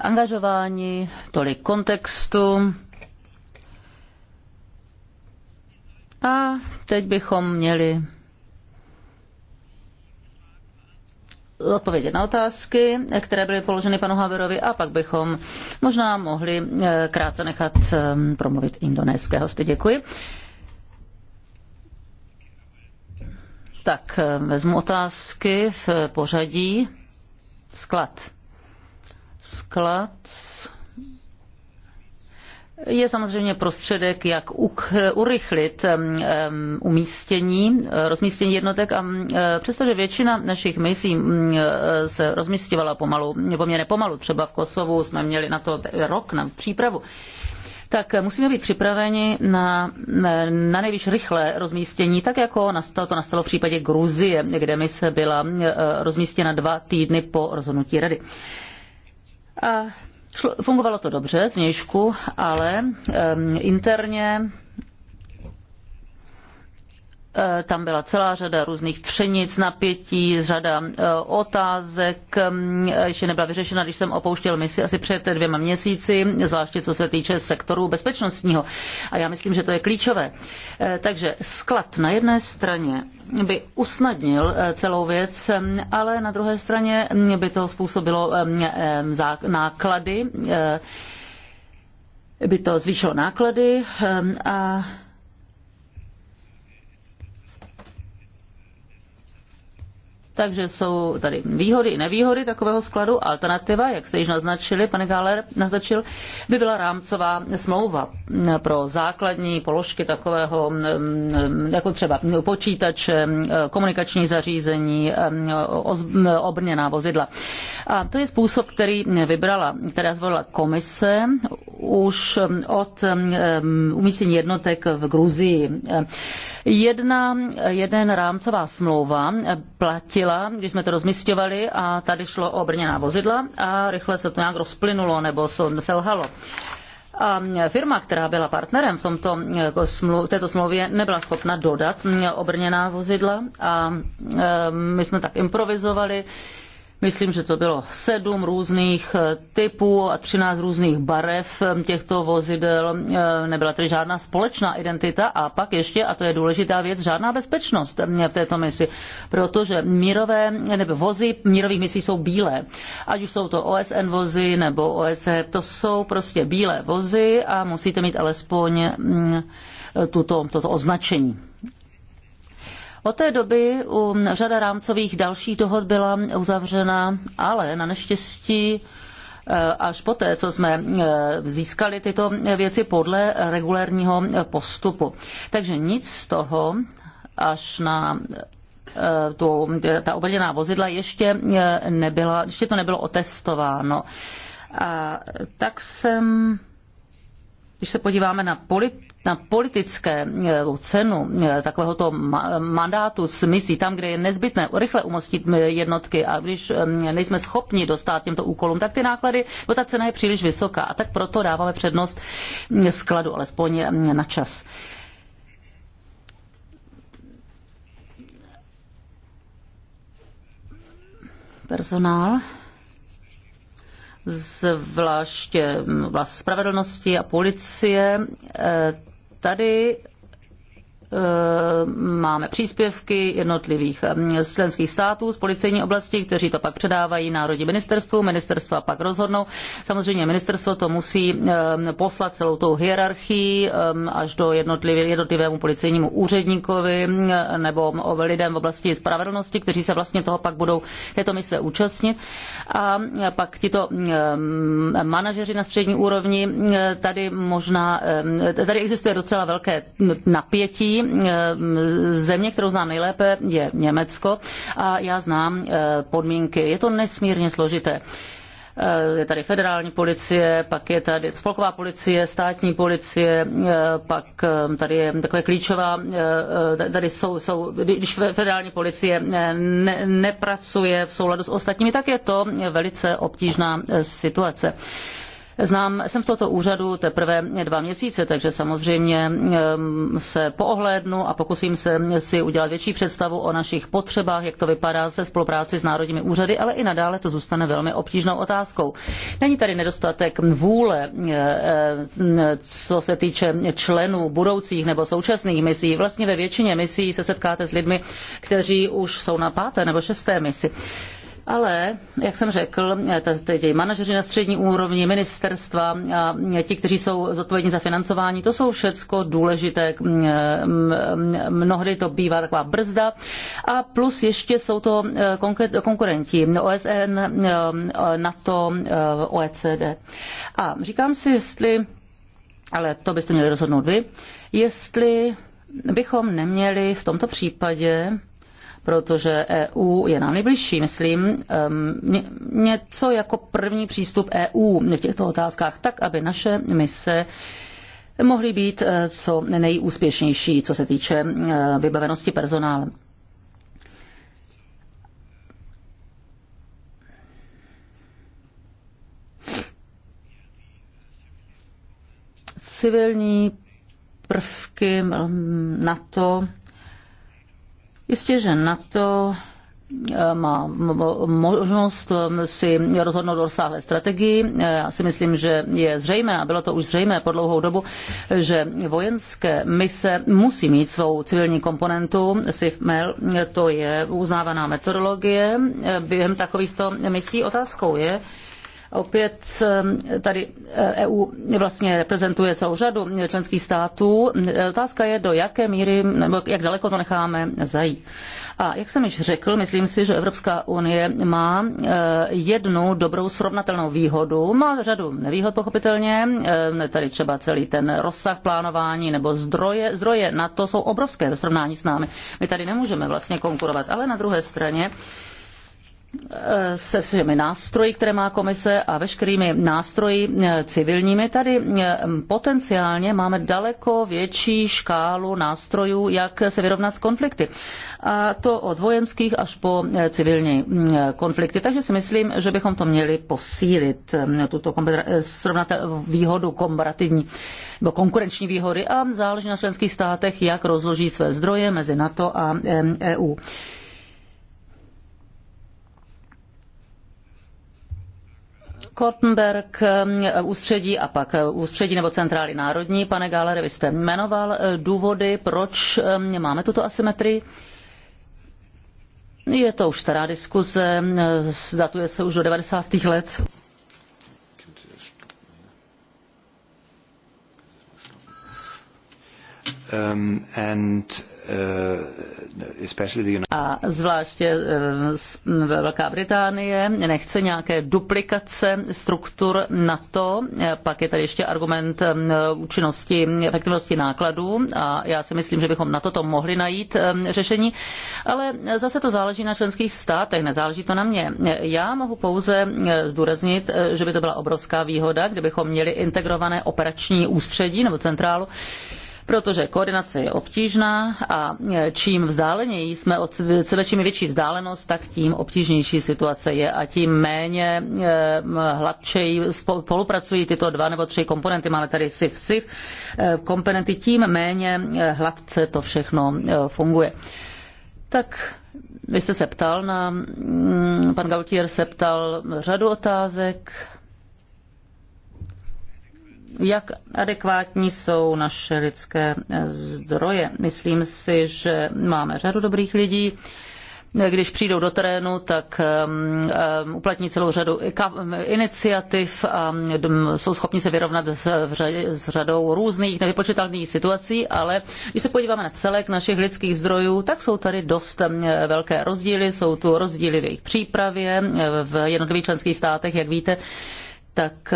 angažování tolik kontextu. A teď bychom měli odpovědět na otázky, které byly položeny panu Haverovi a pak bychom možná mohli eh, krátce nechat eh, promluvit indonéské hosty. Děkuji. Tak eh, vezmu otázky v pořadí. Sklad. Sklad je samozřejmě prostředek, jak urychlit umístění, rozmístění jednotek a přestože většina našich misí se rozmístěvala pomalu, poměrně pomalu, třeba v Kosovu jsme měli na to rok na přípravu, tak musíme být připraveni na, na nejvíc rychlé rozmístění, tak jako nastalo, to nastalo v případě Gruzie, kde mise byla rozmístěna dva týdny po rozhodnutí rady. A Fungovalo to dobře zvnějšku, ale um, interně Eh, tam byla celá řada různých třenic, napětí, řada eh, otázek, mm, eh, ještě nebyla vyřešena, když jsem opouštěl misi asi před dvěma měsíci, zvláště co se týče sektoru bezpečnostního. A já myslím, že to je klíčové. Takže sklad na jedné straně by usnadnil celou věc, mm, ale na druhé straně mm, by to způsobilo náklady, by to zvýšilo náklady a Takže jsou tady výhody i nevýhody takového skladu. Alternativa, jak jste již naznačili, pane Gáler naznačil, by byla rámcová smlouva pro základní položky takového, mm, jako třeba počítač, mm, komunikační zařízení, mm, obrněná vozidla. A to je způsob, který vybrala, která zvolila komise už od umístění jednotek v Gruzii. Jedna, jeden rámcová smlouva platí zjistila, když jsme to rozmistovali a tady šlo o brněná vozidla a rychle se to nějak rozplynulo nebo selhalo. A firma, která byla partnerem v tomto, jako v této smlouvě, nebyla schopna dodat obrněná vozidla a e, my jsme tak improvizovali. Myslím, že to bylo sedm různých eh, typů a třináct různých barev eh, těchto vozidel. Eh, nebyla tedy žádná společná identita a pak ještě, a to je důležitá věc, žádná bezpečnost v této misi, protože mírové, nebo vozy mírových misí jsou bílé. Ať už jsou to OSN vozy nebo OSE, to jsou prostě bílé vozy a musíte mít alespoň mm, tuto, toto označení. Od té doby u řada rámcových dalších dohod byla uzavřena, ale na neštěstí eh, až poté, co jsme eh, získali tyto věci podle regulérního postupu. Takže nic z toho až na eh, tu, ta obrněná vozidla ještě, nebyla, ještě to nebylo otestováno. A tak jsem, když se podíváme na polit, na politické eh, cenu eh, takovéhoto mandátu s misí tam, kde je nezbytné rychle umostit eh, jednotky a když nejsme schopni dostat těmto úkolům, tak ty náklady, bo ta cena je příliš vysoká a tak proto dáváme přednost hm, skladu, alespoň na čas. Personál zvláště hm, vlast spravedlnosti a policie, tady Eh, máme příspěvky jednotlivých eh, členských států z policejní oblasti, kteří to pak předávají národní ministerstvu, ministerstva pak rozhodnou. Samozřejmě ministerstvo to musí eh, poslat celou tou hierarchii až do jednotlivému policejnímu úředníkovi nebo lidem v oblasti spravedlnosti, kteří se vlastně toho pak budou této mise účastnit. A pak tito manažeři na střední úrovni, tady možná, tady existuje docela velké hm, napětí Eh, země, kterou znám nejlépe, je Německo a já znám eh, podmínky. Je to nesmírně složité eh, je tady federální policie, pak je tady spolková policie, státní policie, pak tady je takové klíčová, tady jsou, jsou když federální policie ne, nepracuje v souladu s ostatními, tak je to velice obtížná situace. Znám, jsem v tomto úřadu teprve dva měsíce, takže samozřejmě se poohlédnu a pokusím se si udělat větší představu o našich potřebách, jak to vypadá se spolupráci s národními úřady, ale i nadále to zůstane velmi obtížnou otázkou. Není tady nedostatek vůle, e, e, co se týče členů budoucích nebo současných misí. Vlastně ve většině misí se setkáte s lidmi, kteří už jsou na páté nebo šesté misi. Ale, jak jsem řekl, ti manažeři na střední úrovni, ministerstva, a ti, kteří jsou zodpovědní za financování, to jsou všecko důležité. Mnohdy to bývá taková brzda. A plus ještě jsou to e, konkurenti OSN, e, NATO, e, OECD. A říkám si, jestli, ale to byste měli rozhodnout vy, jestli bychom neměli v tomto případě protože EU je nám nejbližší, myslím, něco jako první přístup EU v těchto otázkách, tak aby naše mise mohly být eh, co nejúspěšnější, co se týče eh, vybavenosti personálem. Civilní prvky NATO Jistě, že NATO eh, má možnost eh, si rozhodnout o rozsáhlé strategii. Eh, já si myslím, že je zřejmé, a bylo to už zřejmé po dlouhou dobu, že vojenské mise musí mít svou civilní komponentu. SIFMEL to je uznávaná metodologie během takovýchto misí. Otázkou je, Opět ehm, tady EU eh, e vlastně reprezentuje celou řadu členských států. Otázka je, do jaké míry nebo jak daleko to necháme zajít. A jak jsem již řekl, myslím si, že Evropská unie má eh, jednu dobrou srovnatelnou výhodu. Má řadu nevýhod pochopitelně, ehm, tady třeba celý ten rozsah plánování nebo zdroje, zdroje na to jsou obrovské ve srovnání s námi. My tady nemůžeme vlastně konkurovat, ale na druhé straně se všemi nástroji, které má komise a veškerými nástroji eh, civilními. Tady eh, potenciálně máme daleko větší škálu nástrojů, jak se vyrovnat s konflikty. A to od vojenských až po eh, civilní mm, konflikty. Takže si myslím, že bychom to měli posílit, mm, tuto výhodu komparativní nebo konkurenční výhody a záleží na členských státech, jak rozloží své zdroje mezi NATO a mm, EU. Kortenberg um, ústředí a pak uh, ústředí nebo centrály národní. Pane Gálere, vy jste jmenoval uh, důvody, proč um, máme tuto asymetrii. Je to už stará diskuse, uh, datuje se už do 90. let. Um, and uh, a zvláště eh, Velká Británie nechce nějaké duplikace struktur NATO. Pak je tady ještě argument eh, účinnosti, efektivnosti nákladů a já si myslím, že bychom na toto mohli najít eh, řešení, ale zase to záleží na členských státech, nezáleží to na mě. Já mohu pouze zdůraznit, že by to byla obrovská výhoda, kdybychom měli integrované operační ústředí nebo centrálu, protože koordinace je obtížná a čím vzdáleněji jsme od sebe, čím je větší vzdálenost, tak tím obtížnější situace je a tím méně eh, hladčej spolupracují tyto dva nebo tři komponenty. Máme tady SIF-SIF eh, komponenty, tím méně eh, hladce to všechno funguje. Tak vy jste se ptal na, mm, pan Gautier se ptal řadu otázek, jak adekvátní jsou naše lidské eh, zdroje. Myslím si, že máme řadu dobrých lidí, když přijdou do terénu, tak ehm, ehm, uplatní celou řadu iniciativ a jsou schopni se vyrovnat s řadou různých nevypočitatelných situací, ale když se podíváme na celek našich lidských zdrojů, tak jsou tady dost ehm, velké rozdíly, jsou tu rozdíly v jejich přípravě eh, v jednotlivých členských státech, jak víte, tak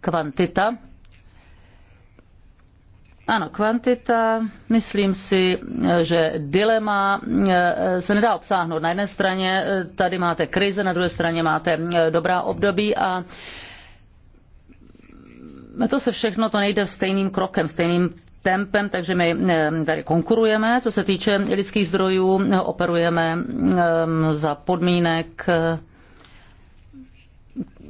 kvantita. Ano, kvantita, myslím si, že dilema eh, se nedá obsáhnout. Na jedné straně eh, tady máte krize, na druhé straně máte eh, dobrá období a to se všechno, to nejde stejným krokem, stejným tempem, takže my tady konkurujeme, co se týče lidských zdrojů, operujeme za podmínek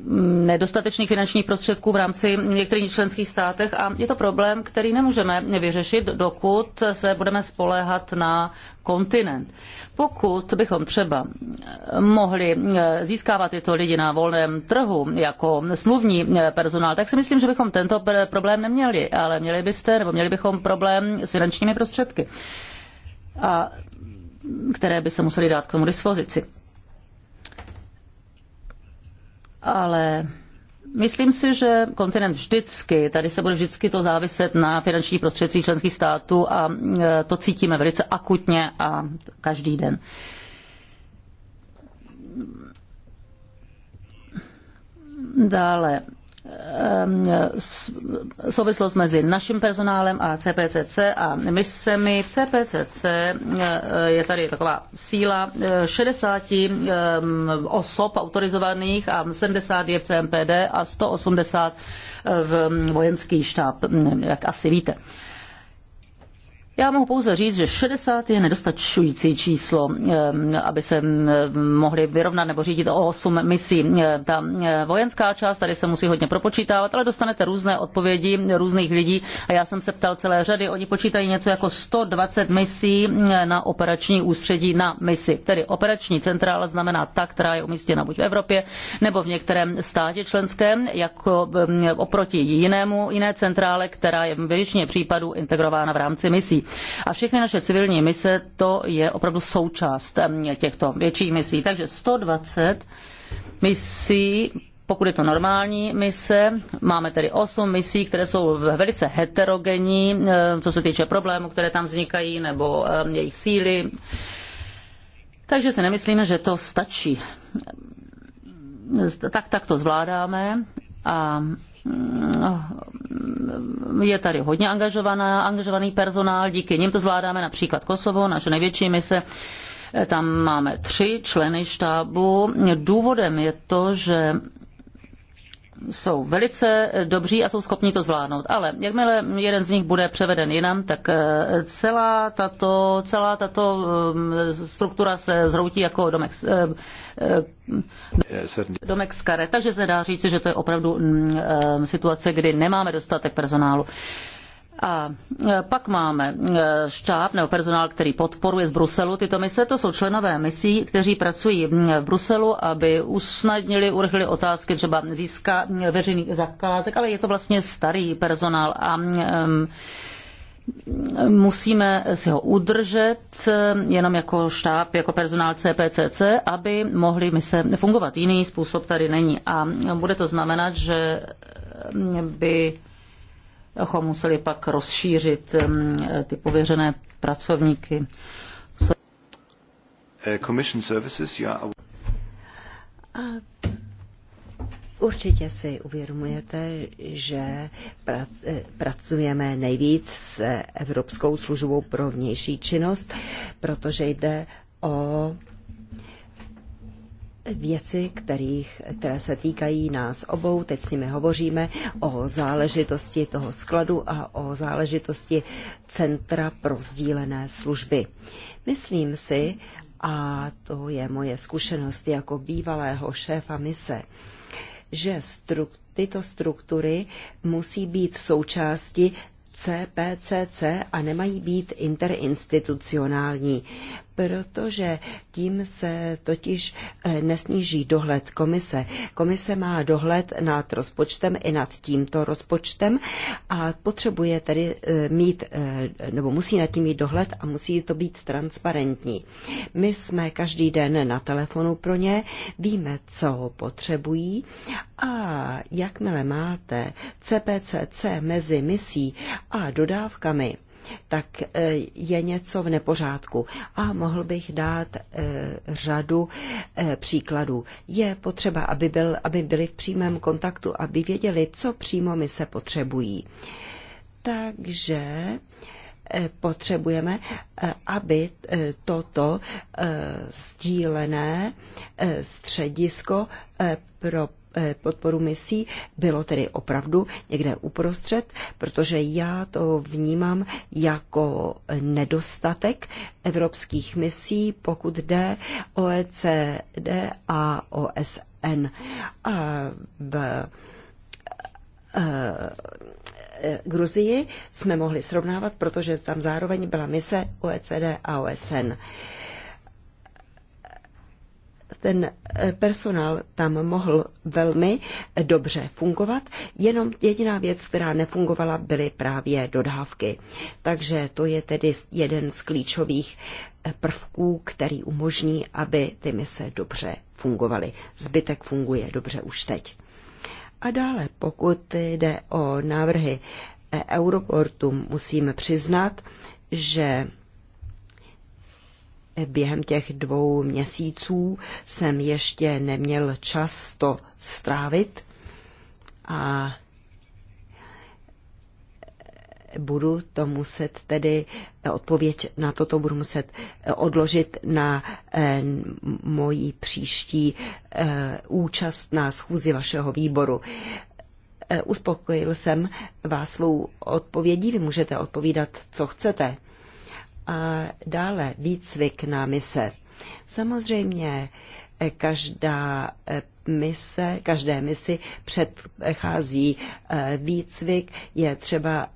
nedostatečných finančních prostředků v rámci některých členských státech a je to problém, který nemůžeme vyřešit, dokud se budeme spoléhat na kontinent. Pokud bychom třeba mohli získávat tyto lidi na volném trhu jako smluvní personál, tak si myslím, že bychom tento problém neměli, ale měli byste, nebo měli bychom problém s finančními prostředky, a které by se museli dát k tomu dispozici ale Myslím si, že kontinent vždycky, tady se bude vždycky to záviset na finančních prostředcích členských států a e, to cítíme velice akutně a každý den. Dále Ehm, souvislost mezi naším personálem a CPCC a misemi. V CPCC eh, je tady taková síla 60 eh, ehm, osob autorizovaných a 70 je v CMPD a 180 eh, v vojenský štáb, hm, jak asi víte. Já mohu pouze říct, že 60 je nedostačující číslo, ehm, aby se ehm, mohli vyrovnat nebo řídit o 8 misí. Ehm, ta vojenská část, tady se musí hodně propočítávat, ale dostanete různé odpovědi různých lidí a já jsem se ptal celé řady, oni počítají něco jako 120 misí na operační ústředí na misi. Tedy operační centrála znamená ta, která je umístěna buď v Evropě nebo v některém státě členském, jako oproti jinému, jiné centrále, která je v většině případů integrována v rámci misí. A všechny naše civilní mise, to je opravdu součást těchto větších misí. Takže 120 misí pokud je to normální mise, máme tedy osm misí, které jsou velice heterogenní, co se týče problémů, které tam vznikají, nebo jejich síly. Takže si nemyslíme, že to stačí. Tak, tak to zvládáme a mm, je tady hodně angažovaná, angažovaný personál, díky nim to zvládáme například Kosovo, naše největší mise, tam máme tři členy štábu. Důvodem je to, že jsou velice dobří a jsou schopni to zvládnout. Ale jakmile jeden z nich bude převeden jinam, tak eh, celá tato, celá tato mm, struktura se zhroutí jako domek, eh, eh, domek z kare. Takže se dá říci, že to je opravdu mm, situace, kdy nemáme dostatek personálu. A e, pak máme e, štáb nebo personál, který podporuje z Bruselu tyto mise. To jsou členové misí, kteří pracují v Bruselu, aby usnadnili, urychlili otázky třeba získá veřejných zakázek, ale je to vlastně starý personál a musíme si ho udržet e, jenom jako štáb, jako personál CPCC, aby mohli mise fungovat. Jiný způsob tady není. A bude to znamenat, že by bychom museli pak rozšířit mm, ty pověřené pracovníky. Eh, commission services, A určitě si uvědomujete, že eh, pracujeme nejvíc s Evropskou službou pro vnější činnost, protože jde o věci, kterých, které se týkají nás obou. Teď s nimi hovoříme o záležitosti toho skladu a o záležitosti Centra pro sdílené služby. Myslím si, a to je moje zkušenost jako bývalého šéfa mise, že stru, tyto struktury musí být součástí CPCC a nemají být interinstitucionální, protože tím se totiž eh, nesníží dohled komise. Komise má dohled nad rozpočtem i nad tímto rozpočtem a potřebuje tedy eh, mít, eh, nebo musí nad tím mít dohled a musí to být transparentní. My jsme každý den na telefonu pro ně, víme, co potřebují a jakmile máte CPCC mezi misí a dodávkami, tak e, je něco v nepořádku. A mohl bych dát e, řadu e, příkladů. Je potřeba, aby, byl, aby byli v přímém kontaktu, aby věděli, co přímo my se potřebují. Takže potřebujeme, aby toto sdílené středisko pro Eh, podporu misí bylo tedy opravdu někde uprostřed, protože já to vnímám jako nedostatek evropských misí, pokud jde OECD a OSN. A v eh, eh, Gruzii jsme mohli srovnávat, protože tam zároveň byla mise OECD a OSN ten eh, personál tam mohl velmi eh, dobře fungovat, jenom jediná věc, která nefungovala, byly právě dodávky. Takže to je tedy jeden z klíčových eh, prvků, který umožní, aby ty mise dobře fungovaly. Zbytek funguje dobře už teď. A dále, pokud jde o návrhy Europortu, musím přiznat, že během těch dvou měsíců jsem ještě neměl čas to strávit a budu to muset tedy, odpověď na toto budu muset eh, odložit na eh, moji příští eh, účast na schůzi vašeho výboru. Uspokojil jsem vás svou odpovědí, vy můžete odpovídat, co chcete. A dále výcvik na mise. Samozřejmě eh, každá eh, mise, každé misi předchází eh, výcvik, je třeba,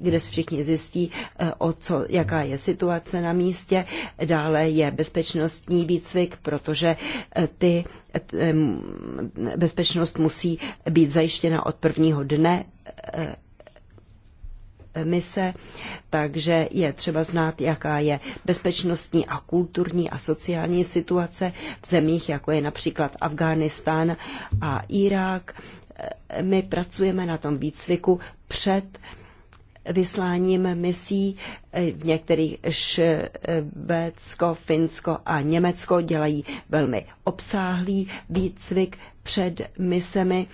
kde si všichni zjistí, o co, jaká je situace na místě. Dále je bezpečnostní výcvik, protože ty bezpečnost musí být zajištěna od prvního dne mise, takže je třeba znát, jaká je bezpečnostní a kulturní a sociální situace v zemích, jako je například Afghánistán a Irák. E, my pracujeme na tom výcviku před vysláním misí. E, v některých Švédsko, Finsko a Německo dělají velmi obsáhlý výcvik před misemi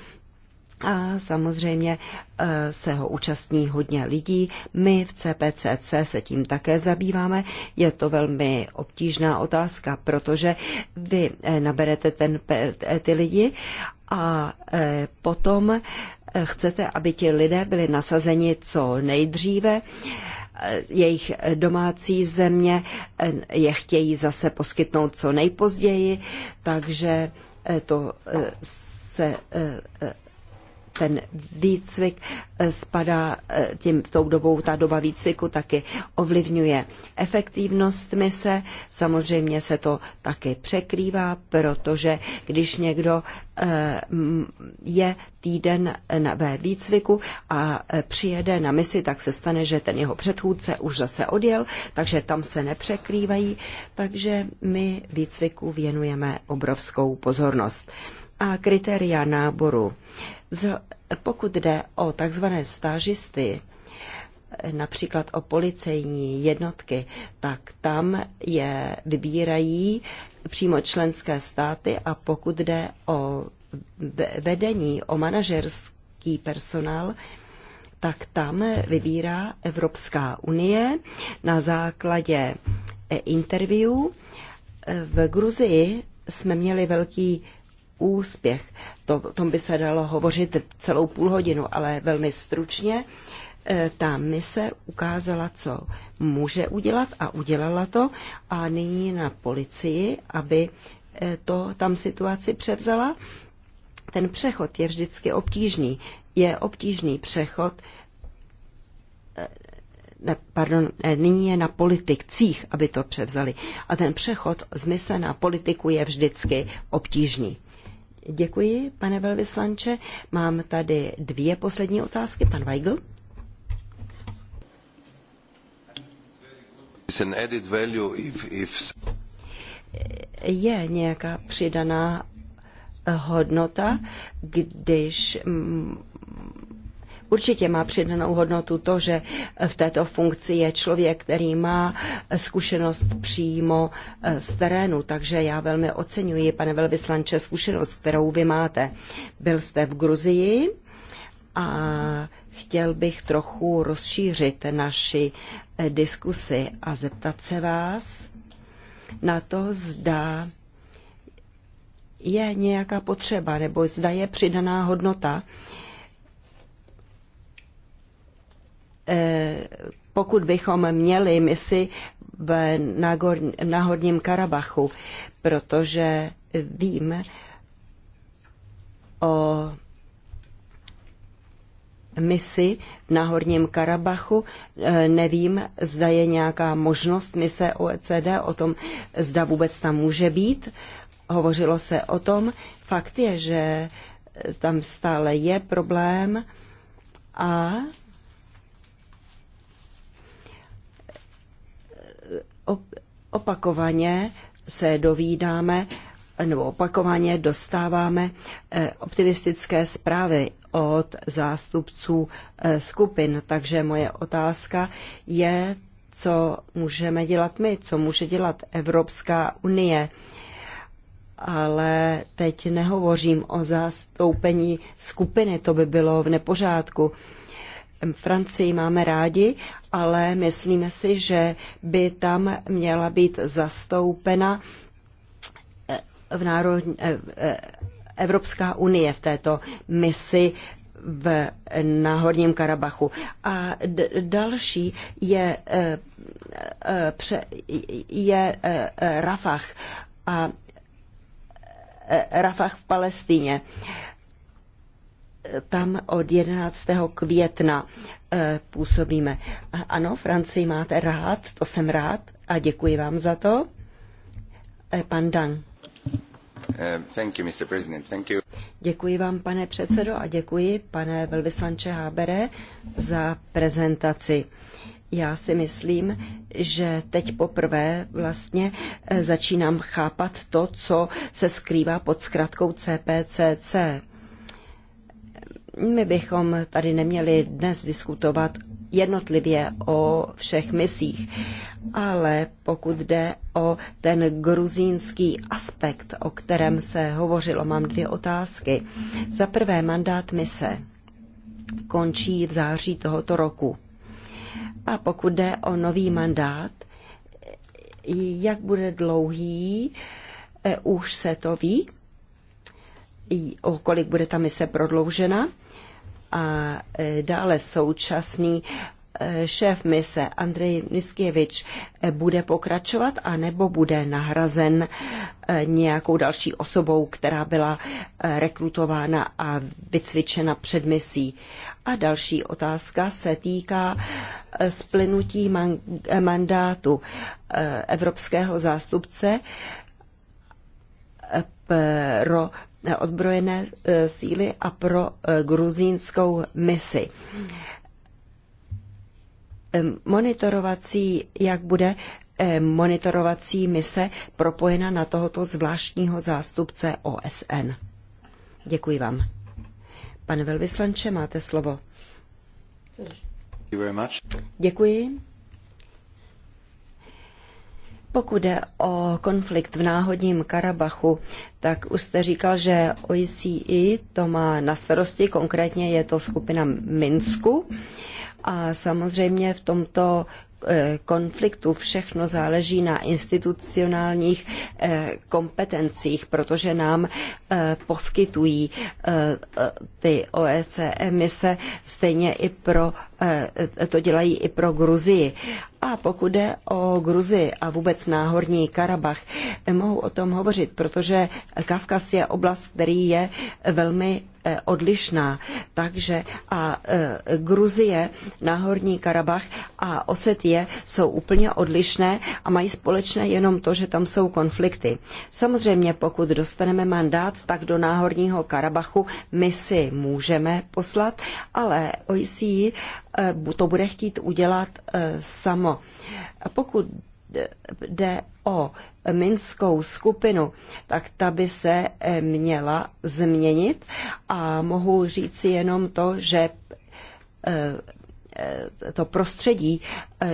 a samozřejmě e, se ho účastní hodně lidí. My v CPCC se tím také zabýváme. Je to velmi obtížná otázka, protože vy e, naberete ten, e, ty lidi a potom chcete, aby ti lidé byli nasazeni co nejdříve jejich domácí země je chtějí zase poskytnout co nejpozději, takže to se ten výcvik eh, spadá eh, tím, tou dobou, ta doba výcviku taky ovlivňuje efektivnost mise. Samozřejmě se to taky překrývá, protože když někdo eh, je týden ve výcviku a přijede na misi, tak se stane, že ten jeho předchůdce už zase odjel, takže tam se nepřekrývají, takže my výcviku věnujeme obrovskou pozornost a kritéria náboru. Pokud jde o takzvané stážisty, například o policejní jednotky, tak tam je vybírají přímo členské státy a pokud jde o vedení, o manažerský personál, tak tam vybírá Evropská unie na základě eh, interview. V Gruzii jsme měli velký úspěch. To, o tom by se dalo hovořit celou půl hodinu, ale velmi stručně. E, ta mise ukázala, co může udělat a udělala to a nyní na policii, aby e, to tam situaci převzala. Ten přechod je vždycky obtížný. Je obtížný přechod ne, pardon, e, nyní je na politikcích, aby to převzali. A ten přechod z mise na politiku je vždycky obtížný. Děkuji, pane velvyslanče. Mám tady dvě poslední otázky. Pan Weigl. Je nějaká přidaná hodnota, když Určitě má přidanou hodnotu to, že v této funkci je člověk, který má zkušenost přímo eh, z terénu, takže já velmi oceňuji, pane velvyslanče, zkušenost, kterou vy máte. Byl jste v Gruzii a chtěl bych trochu rozšířit naši eh, diskusi a zeptat se vás na to, zda je nějaká potřeba nebo zda je přidaná hodnota Eh, pokud bychom měli misi v, Nagor, Karabachu, protože vím o misi v Horním Karabachu. Eh, nevím, zda je nějaká možnost mise OECD o tom, zda vůbec tam může být. Hovořilo se o tom. Fakt je, že tam stále je problém a opakovaně se dovídáme nebo opakovaně dostáváme eh, optimistické zprávy od zástupců eh, skupin. Takže moje otázka je, co můžeme dělat my, co může dělat Evropská unie. Ale teď nehovořím o zastoupení skupiny, to by bylo v nepořádku. Francii máme rádi, ale myslíme si, že by tam měla být zastoupena eh, v národní, eh, eh, Evropská unie v této misi v, Náhorním Karabachu. A d- další je, e, e, je e, Rafah a e, Rafah v Palestíně. Tam od 11. května E, působíme. Ano, Francii máte rád, to jsem rád a děkuji vám za to. E, pan Dan. E, děkuji vám, pane předsedo, a děkuji, pane velvyslanče Habere, za prezentaci. Já si myslím, že teď poprvé vlastně začínám chápat to, co se skrývá pod zkratkou CPCC my bychom tady neměli dnes diskutovat jednotlivě o všech misích, ale pokud jde o ten gruzínský aspekt, o kterém se hovořilo, mám dvě otázky. Za prvé, mandát mise končí v září tohoto roku. A pokud jde o nový mandát, jak bude dlouhý, eh, už se to ví? o kolik bude ta mise prodloužena. A e, dále současný e, šéf mise Andrej Niskěvič e, bude pokračovat a nebo bude nahrazen nějakou další osobou, která byla rekrutována a vycvičena před misí. A další otázka se týká splynutí man- mandátu evropského zástupce pro Eh, ozbrojené eh, síly a pro eh, gruzínskou misi. Monitorovací, jak bude monitorovací mise propojena na tohoto zvláštního zástupce OSN. Děkuji vám. Pane velvyslanče, máte slovo. Děkuji. Pokud jde o konflikt v náhodním Karabachu, tak už jste říkal, že OECI e to má na starosti, konkrétně je to skupina Minsku. A samozřejmě v tomto eh, konfliktu všechno záleží na institucionálních eh, kompetencích, protože nám eh, poskytují ty OECE e mise stejně i pro Eh, to dělají i pro Gruzii. A pokud jde o Gruzii a vůbec náhorní Karabach, eh, mohu o tom hovořit, protože Kavkaz je oblast, který je eh, velmi odlišná. Takže a Gruzie, Náhorní Karabach a Osetie jsou úplně odlišné a mají společné jenom to, že tam jsou konflikty. Samozřejmě, pokud dostaneme mandát, tak do Náhorního Karabachu my si můžeme poslat, ale OIC Eh, to bude chtít udělat eh, samo. Pokud jde o minskou skupinu, tak ta by se eh, měla změnit a mohu říci jenom to, že to prostředí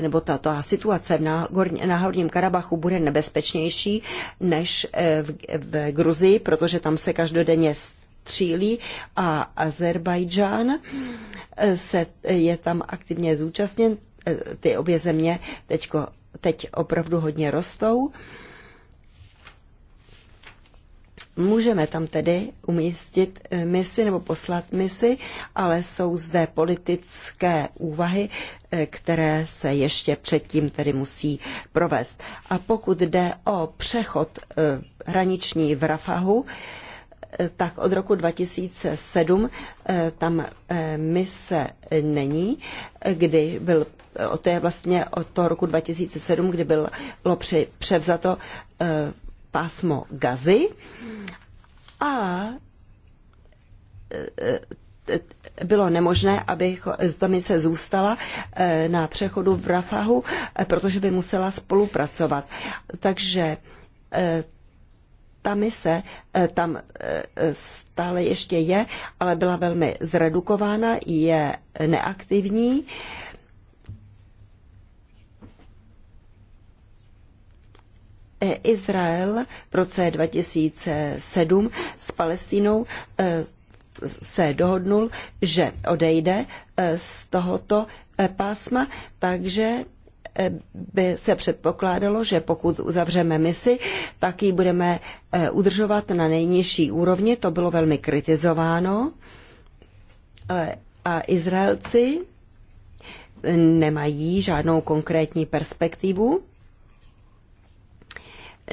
nebo ta, ta situace na, na Karabachu bude nebezpečnější než v, v Gruzii, protože tam se každodenně Třílí a Azerbajdžán se, je tam aktivně zúčastněn. E, ty obě země teďko, teď opravdu hodně rostou. Můžeme tam tedy umístit e, misi nebo poslat misi, ale jsou zde politické úvahy, e, které se ještě předtím tedy musí provést. A pokud jde o přechod hraniční v Rafahu, tak od roku 2007 eh, tam eh, mise není, kdy byl, eh, to je vlastně od toho roku 2007, kdy bylo při, převzato pásmo Gazy a bylo nemožné, aby zda mise zůstala na přechodu v Rafahu, protože by musela spolupracovat. Takže ta mise tam e, e, stále ještě je, ale byla velmi zredukována, je neaktivní. E, Izrael v roce 2007 s Palestínou se dohodnul, že odejde z tohoto pásma, takže by se předpokládalo, že pokud uzavřeme misi, tak ji budeme eh, udržovat na nejnižší úrovni. To bylo velmi kritizováno. Eh, a Izraelci eh, nemají žádnou konkrétní perspektivu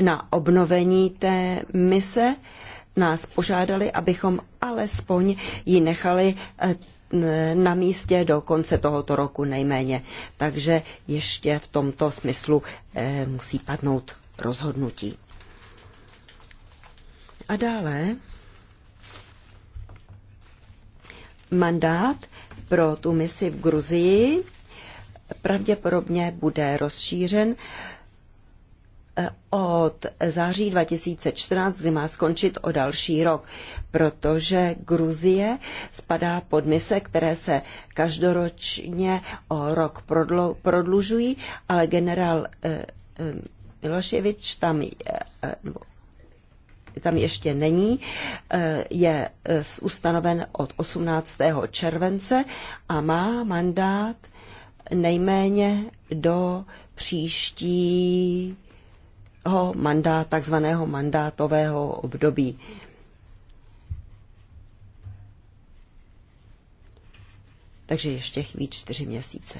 na obnovení té mise nás požádali, abychom alespoň ji nechali na místě do konce tohoto roku nejméně. Takže ještě v tomto smyslu eh, musí padnout rozhodnutí. A dále mandát pro tu misi v Gruzii pravděpodobně bude rozšířen Eh, od září 2014, kdy má skončit o další rok, protože Gruzie spadá pod mise, které se každoročně o rok prodlužují, ale generál eh, eh, Miloševič tam tam ještě není, je ustanoven od 18. července a má mandát nejméně do příští ho mandát, takzvaného mandátového období. Takže ještě chvíli čtyři měsíce.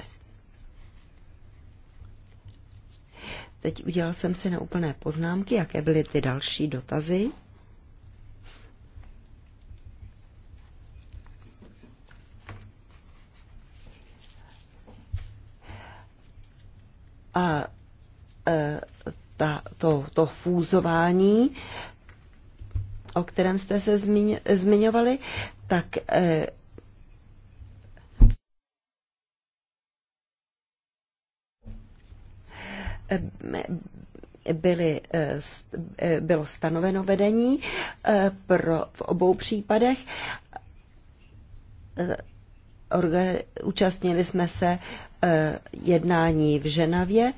Teď udělal jsem si úplné poznámky, jaké byly ty další dotazy. A e, ta, to, to fúzování, o kterém jste se zmiň, zmiňovali, tak eh, byly, eh, bylo stanoveno vedení eh, pro, v obou případech. Eh, Organ, účastnili jsme se jednání v Ženavě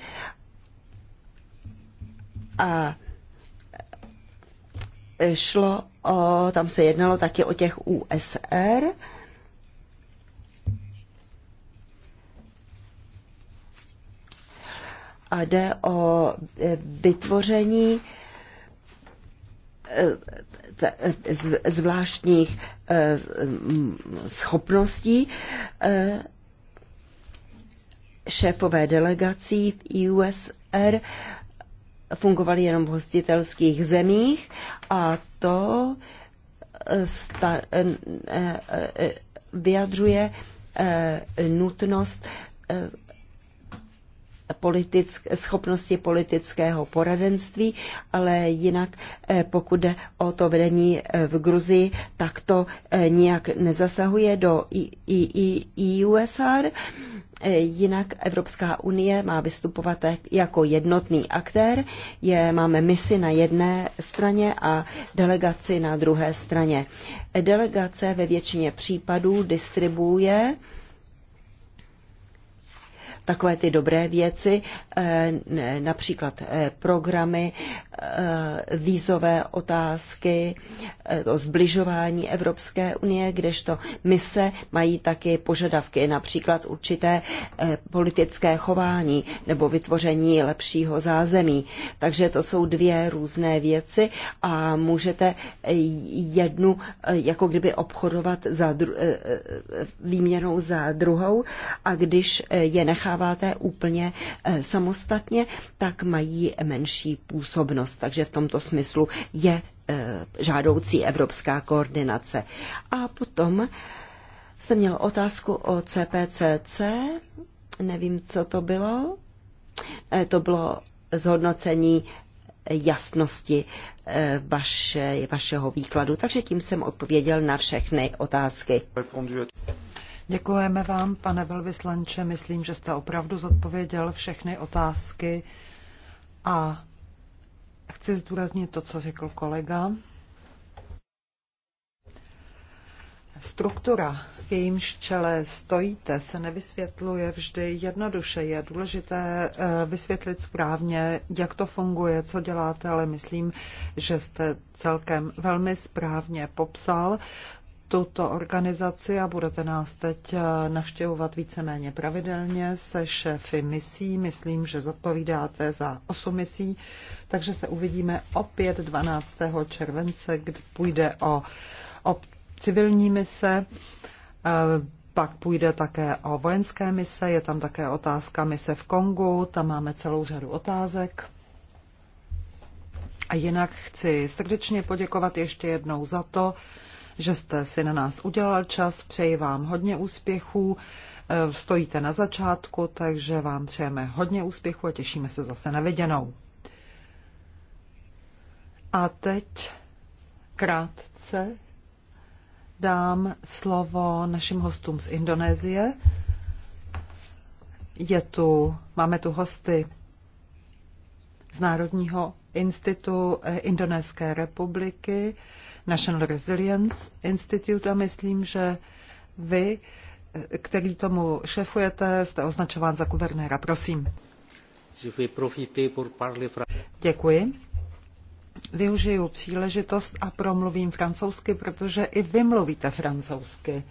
a šlo o, tam se jednalo taky o těch USR. A jde o e, vytvoření e, e, zvláštních schopností šéfové delegací v USR fungovaly jenom v hostitelských zemích a to eh, sta, eh, eh, vyjadřuje nutnost politick, schopnosti politického poradenství, ale jinak eh, pokud jde o to vedení eh, v Gruzii, tak to eh, nijak nezasahuje do USR. Jinak Evropská unie má vystupovat jako jednotný aktér. Je, máme misi na jedné straně a delegaci na druhé straně. Delegace ve většině případů distribuje takové ty dobré věci, eh, například eh, programy Eh, vízové otázky, to eh, zbližování Evropské unie, kdežto mise mají taky požadavky, například určité eh, politické chování nebo vytvoření lepšího zázemí. Takže to jsou dvě různé věci a můžete jednu jako kdyby obchodovat za dru- výměnou za druhou a když je necháváte úplně samostatně, tak mají menší působnost činnost, takže v tomto smyslu je e, žádoucí evropská koordinace. A potom jste měl otázku o CPCC, nevím, co to bylo. E, to bylo zhodnocení jasnosti e, vaše, vašeho výkladu. Takže tím jsem odpověděl na všechny otázky. Děkujeme vám, pane velvyslanče. Myslím, že jste opravdu zodpověděl všechny otázky a Chci zdůraznit to, co řekl kolega. Struktura, v jejímž čele stojíte, se nevysvětluje vždy jednoduše. Je důležité eh, vysvětlit správně, jak to funguje, co děláte, ale myslím, že jste celkem velmi správně popsal tuto organizaci a budete nás teď eh, navštěvovat víceméně pravidelně se šéfy misí. Myslím, že zodpovídáte za 8 misí, takže se uvidíme opět 12. července, kdy půjde o, o civilní mise. Eh, pak půjde také o vojenské mise, je tam také otázka mise v Kongu, tam máme celou řadu otázek. A jinak chci srdečně poděkovat ještě jednou za to, že jste si na nás udělal čas. Přeji vám hodně úspěchů. Eh, stojíte na začátku, takže vám přejeme hodně úspěchů a těšíme se zase na viděnou. A teď krátce dám slovo našim hostům z Indonésie. Je tu, máme tu hosty z Národního institutu eh, Indonéské republiky. National Resilience Institute a myslím, že vy, který tomu šefujete, jste označován za guvernéra. Prosím. Děkuji. Využiju příležitost a promluvím francouzsky, protože i vy mluvíte francouzsky.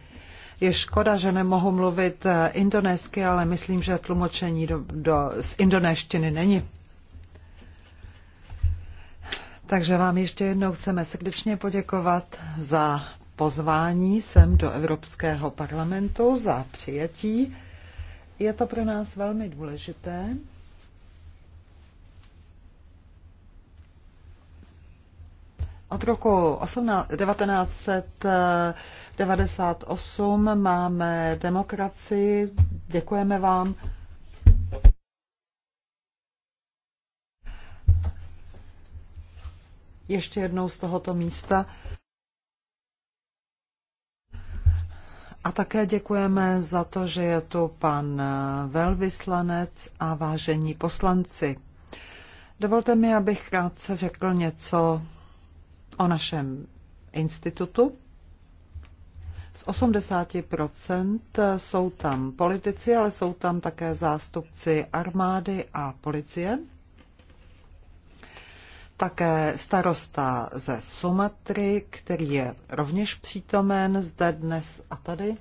Je škoda, že nemohu mluvit eh, indonésky, ale myslím, že tlumočení do, do, z indonéštiny není. Takže vám ještě jednou chceme srdečně poděkovat za pozvání sem do Evropského parlamentu, za přijetí. Je to pro nás velmi důležité. Od roku 1998 máme demokracii. Děkujeme vám. ještě jednou z tohoto místa. A také děkujeme za to, že je tu pan velvyslanec a vážení poslanci. Dovolte mi, abych krátce řekl něco o našem institutu. Z 80% jsou tam politici, ale jsou tam také zástupci armády a policie také starosta ze Sumatry, který je rovněž přítomen zde dnes a tady.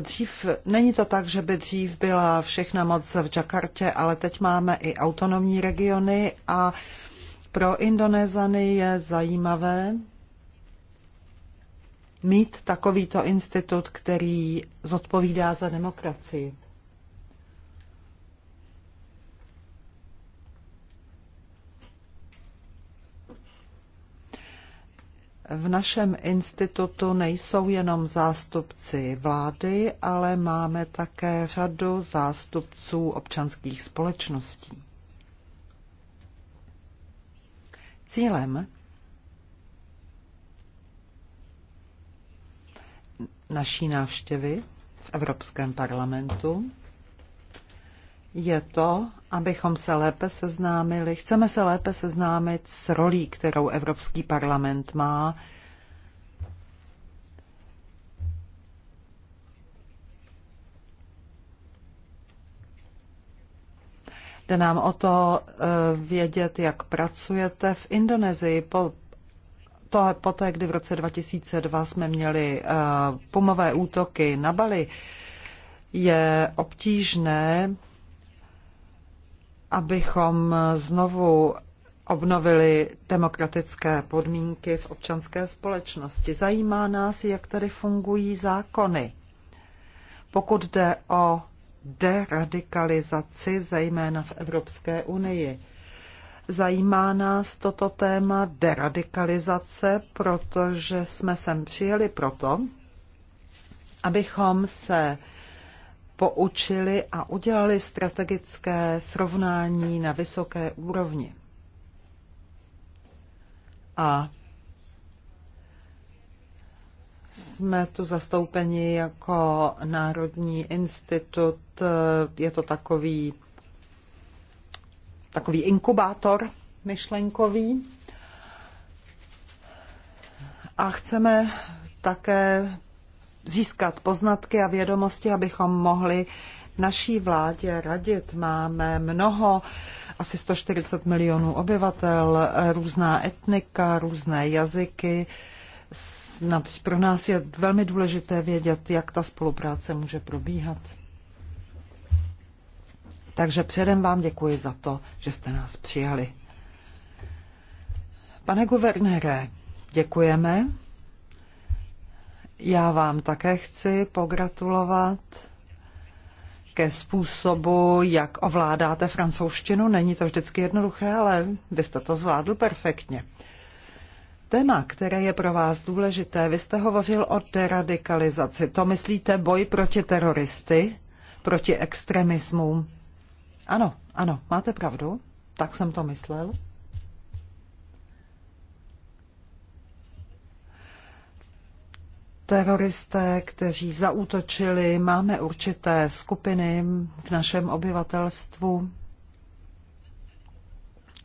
Dřív, není to tak, že by dřív byla všechna moc v Jakartě, ale teď máme i autonomní regiony a pro Indonézany je zajímavé, mít takovýto institut, který zodpovídá za demokracii. V našem institutu nejsou jenom zástupci vlády, ale máme také řadu zástupců občanských společností. Cílem naší návštěvy v Evropském parlamentu je to, abychom se lépe seznámili, chceme se lépe seznámit s rolí, kterou Evropský parlament má Jde nám o to eh, vědět, jak pracujete v Indonésii to, poté, kdy v roce 2002 jsme měli uh, eh, pomové útoky na Bali, je obtížné, abychom znovu obnovili demokratické podmínky v občanské společnosti. Zajímá nás, jak tady fungují zákony. Pokud jde o deradikalizaci, zejména v Evropské unii. Zajímá nás toto téma deradikalizace, protože jsme sem přijeli proto, abychom se poučili a udělali strategické srovnání na vysoké úrovni. A jsme tu zastoupeni jako Národní institut. Je to takový takový inkubátor myšlenkový. A chceme také získat poznatky a vědomosti, abychom mohli naší vládě radit. Máme mnoho, asi 140 milionů obyvatel, různá etnika, různé jazyky. Pro nás je velmi důležité vědět, jak ta spolupráce může probíhat. Takže předem vám děkuji za to, že jste nás přijali. Pane guvernére, děkujeme. Já vám také chci pogratulovat ke způsobu, jak ovládáte francouzštinu. Není to vždycky jednoduché, ale vy jste to zvládl perfektně. Téma, které je pro vás důležité, vy jste hovořil o deradikalizaci. To myslíte boj proti teroristy, proti extremismu, ano, ano, máte pravdu. Tak jsem to myslel. Teroristé, kteří zaútočili, máme určité skupiny v našem obyvatelstvu.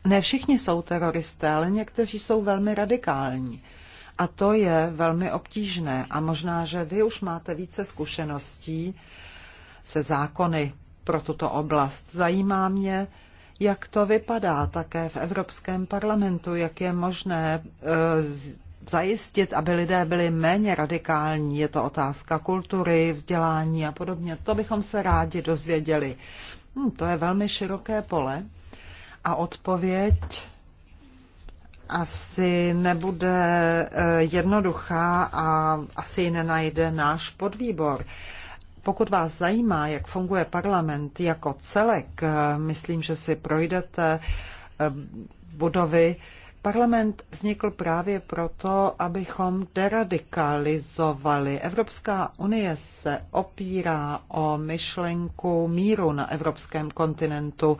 Ne všichni jsou teroristé, ale někteří jsou velmi radikální. A to je velmi obtížné. A možná, že vy už máte více zkušeností se zákony pro tuto oblast. Zajímá mě, jak to vypadá také v Evropském parlamentu, jak je možné e, zajistit, aby lidé byli méně radikální. Je to otázka kultury, vzdělání a podobně. To bychom se rádi dozvěděli. Hmm, to je velmi široké pole. A odpověď asi nebude e, jednoduchá a asi ji nenajde náš podvýbor. Pokud vás zajímá, jak funguje parlament jako celek, eh, myslím, že si projdete eh, budovy. Parlament vznikl právě proto, abychom deradikalizovali. Evropská unie se opírá o myšlenku míru na evropském kontinentu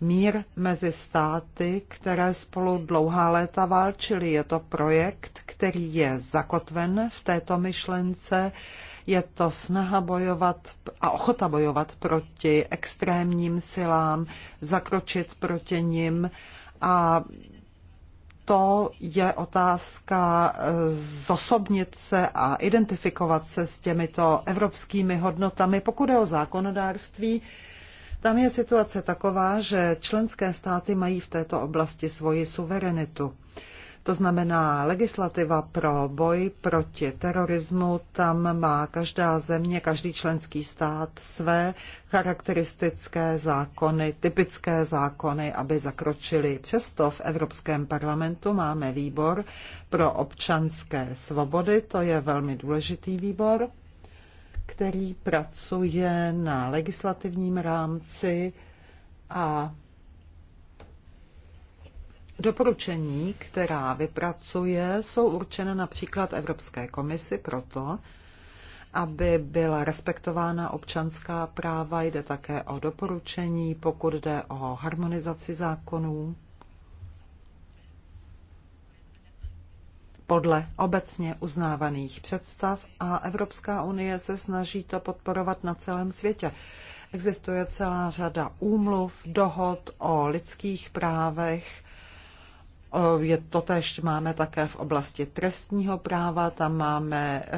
mír mezi státy, které spolu dlouhá léta válčily. Je to projekt, který je zakotven v této myšlence. Je to snaha bojovat a ochota bojovat proti extrémním silám, zakročit proti nim a to je otázka eh, zosobnit se a identifikovat se s těmito evropskými hodnotami. Pokud je o zákonodárství, tam je situace taková, že členské státy mají v této oblasti svoji suverenitu. To znamená, legislativa pro boj proti terorismu, tam má každá země, každý členský stát své charakteristické zákony, typické zákony, aby zakročili. Přesto v Evropském parlamentu máme výbor pro občanské svobody, to je velmi důležitý výbor který pracuje na legislativním rámci a doporučení, která vypracuje, jsou určena například Evropské komisi proto, aby byla respektována občanská práva. Jde také o doporučení, pokud jde o harmonizaci zákonů. podle obecně uznávaných představ a Evropská unie se snaží to podporovat na celém světě. Existuje celá řada úmluv, dohod o lidských právech, je to tež máme také v oblasti trestního práva, tam máme e,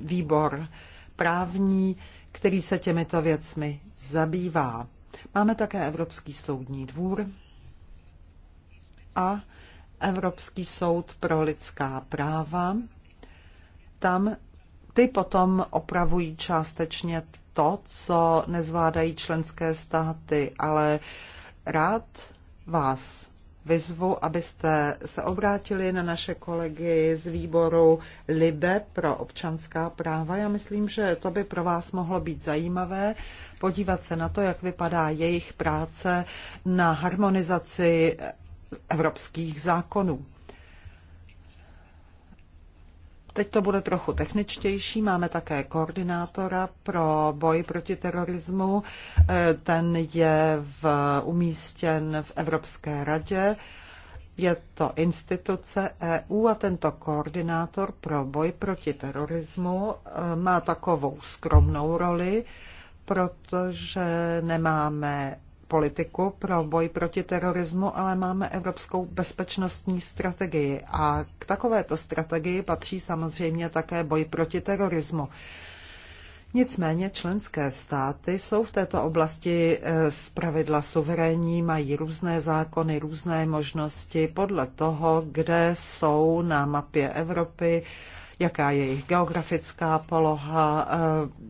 výbor právní, který se těmito věcmi zabývá. Máme také Evropský soudní dvůr a Evropský soud pro lidská práva. Tam ty potom opravují částečně to, co nezvládají členské státy, ale rád vás vyzvu, abyste se obrátili na naše kolegy z výboru LIBE pro občanská práva. Já myslím, že to by pro vás mohlo být zajímavé podívat se na to, jak vypadá jejich práce na harmonizaci evropských zákonů. Teď to bude trochu techničtější. Máme také koordinátora pro boj proti terorismu. Eh, ten je v, umístěn v Evropské radě. Je to instituce EU a tento koordinátor pro boj proti terorismu eh, má takovou skromnou roli, protože nemáme politiku pro boj proti terorismu, ale máme evropskou bezpečnostní strategii. A k takovéto strategii patří samozřejmě také boj proti terorismu. Nicméně členské státy jsou v této oblasti eh, pravidla suverénní, mají různé zákony, různé možnosti podle toho, kde jsou na mapě Evropy, jaká je jejich geografická poloha, eh,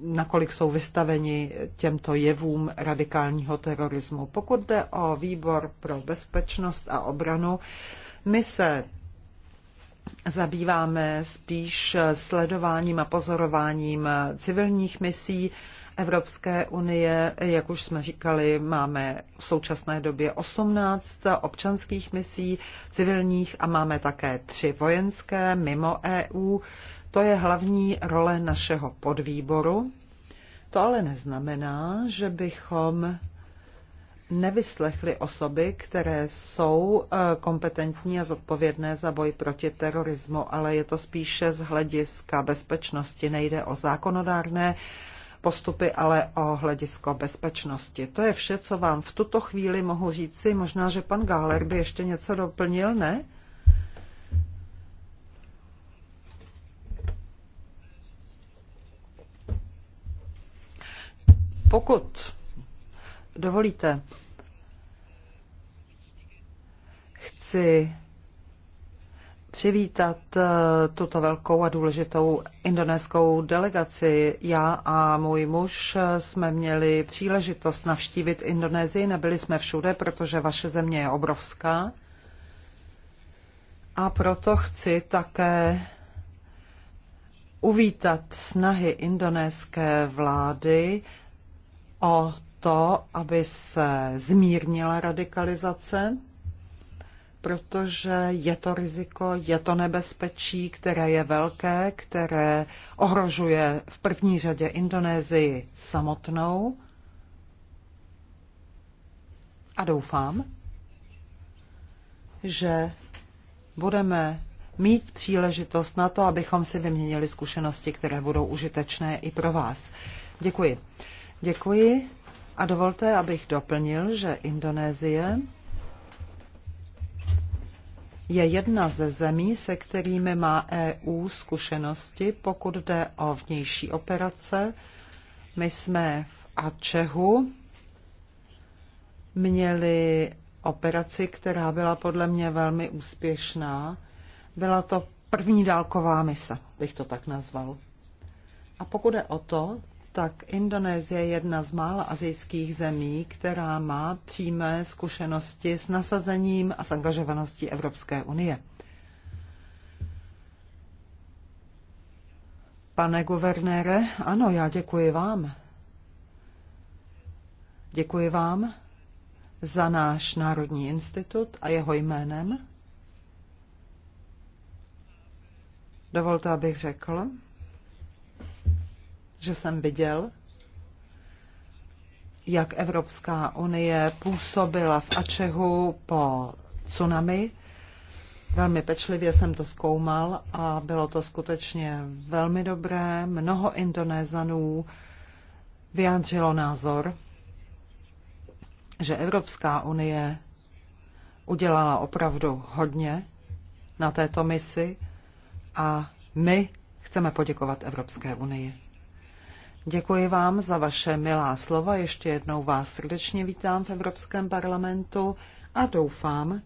nakolik jsou vystaveni těmto jevům radikálního terorismu. Pokud jde o výbor pro bezpečnost a obranu, my se zabýváme spíš sledováním a pozorováním civilních misí, Evropské unie, jak už jsme říkali, máme v současné době 18 občanských misí civilních a máme také tři vojenské mimo EU. To je hlavní role našeho podvýboru. To ale neznamená, že bychom nevyslechli osoby, které jsou eh, kompetentní a zodpovědné za boj proti terorismu, ale je to spíše z hlediska bezpečnosti. Nejde o zákonodárné postupy, ale o hledisko bezpečnosti. To je vše, co vám v tuto chvíli mohu říci. Možná, že pan Gáler by ještě něco doplnil, ne? Pokud dovolíte, chci přivítat eh, tuto velkou a důležitou indonéskou delegaci. Já a můj muž eh, jsme měli příležitost navštívit Indonésii, nebyli jsme všude, protože vaše země je obrovská. A proto chci také uvítat snahy indonéské vlády o to, aby se zmírnila radikalizace protože je to riziko, je to nebezpečí, které je velké, které ohrožuje v první řadě Indonésii samotnou. A doufám, že budeme mít příležitost na to, abychom si vyměnili zkušenosti, které budou užitečné i pro vás. Děkuji. Děkuji a dovolte, abych doplnil, že Indonésie je jedna ze zemí, se kterými má EU zkušenosti, pokud jde o vnější operace. My jsme v Ačehu měli operaci, která byla podle mě velmi úspěšná. Byla to první dálková mise, bych to tak nazval. A pokud je o to, tak Indonésie je jedna z mála azijských zemí, která má přímé zkušenosti s nasazením a s angažovaností Evropské unie. Pane guvernére, ano, já děkuji vám. Děkuji vám za náš Národní institut a jeho jménem. Dovolte, abych řekl, že jsem viděl, jak Evropská unie působila v Ačehu po tsunami. Velmi pečlivě jsem to zkoumal a bylo to skutečně velmi dobré. Mnoho Indonézanů vyjádřilo názor, že Evropská unie udělala opravdu hodně na této misi a my chceme poděkovat Evropské unii. Děkuji vám za vaše milá slova. Ještě jednou vás srdečně vítám v Evropském parlamentu a doufám,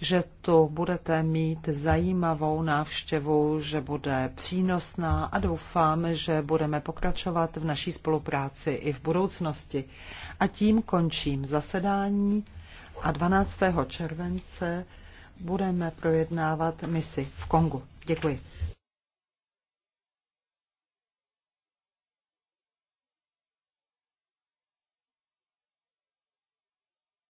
že tu budete mít zajímavou návštěvu, že bude přínosná a doufám, že budeme pokračovat v naší spolupráci i v budoucnosti. A tím končím zasedání a 12. července budeme projednávat misi v Kongu. Děkuji.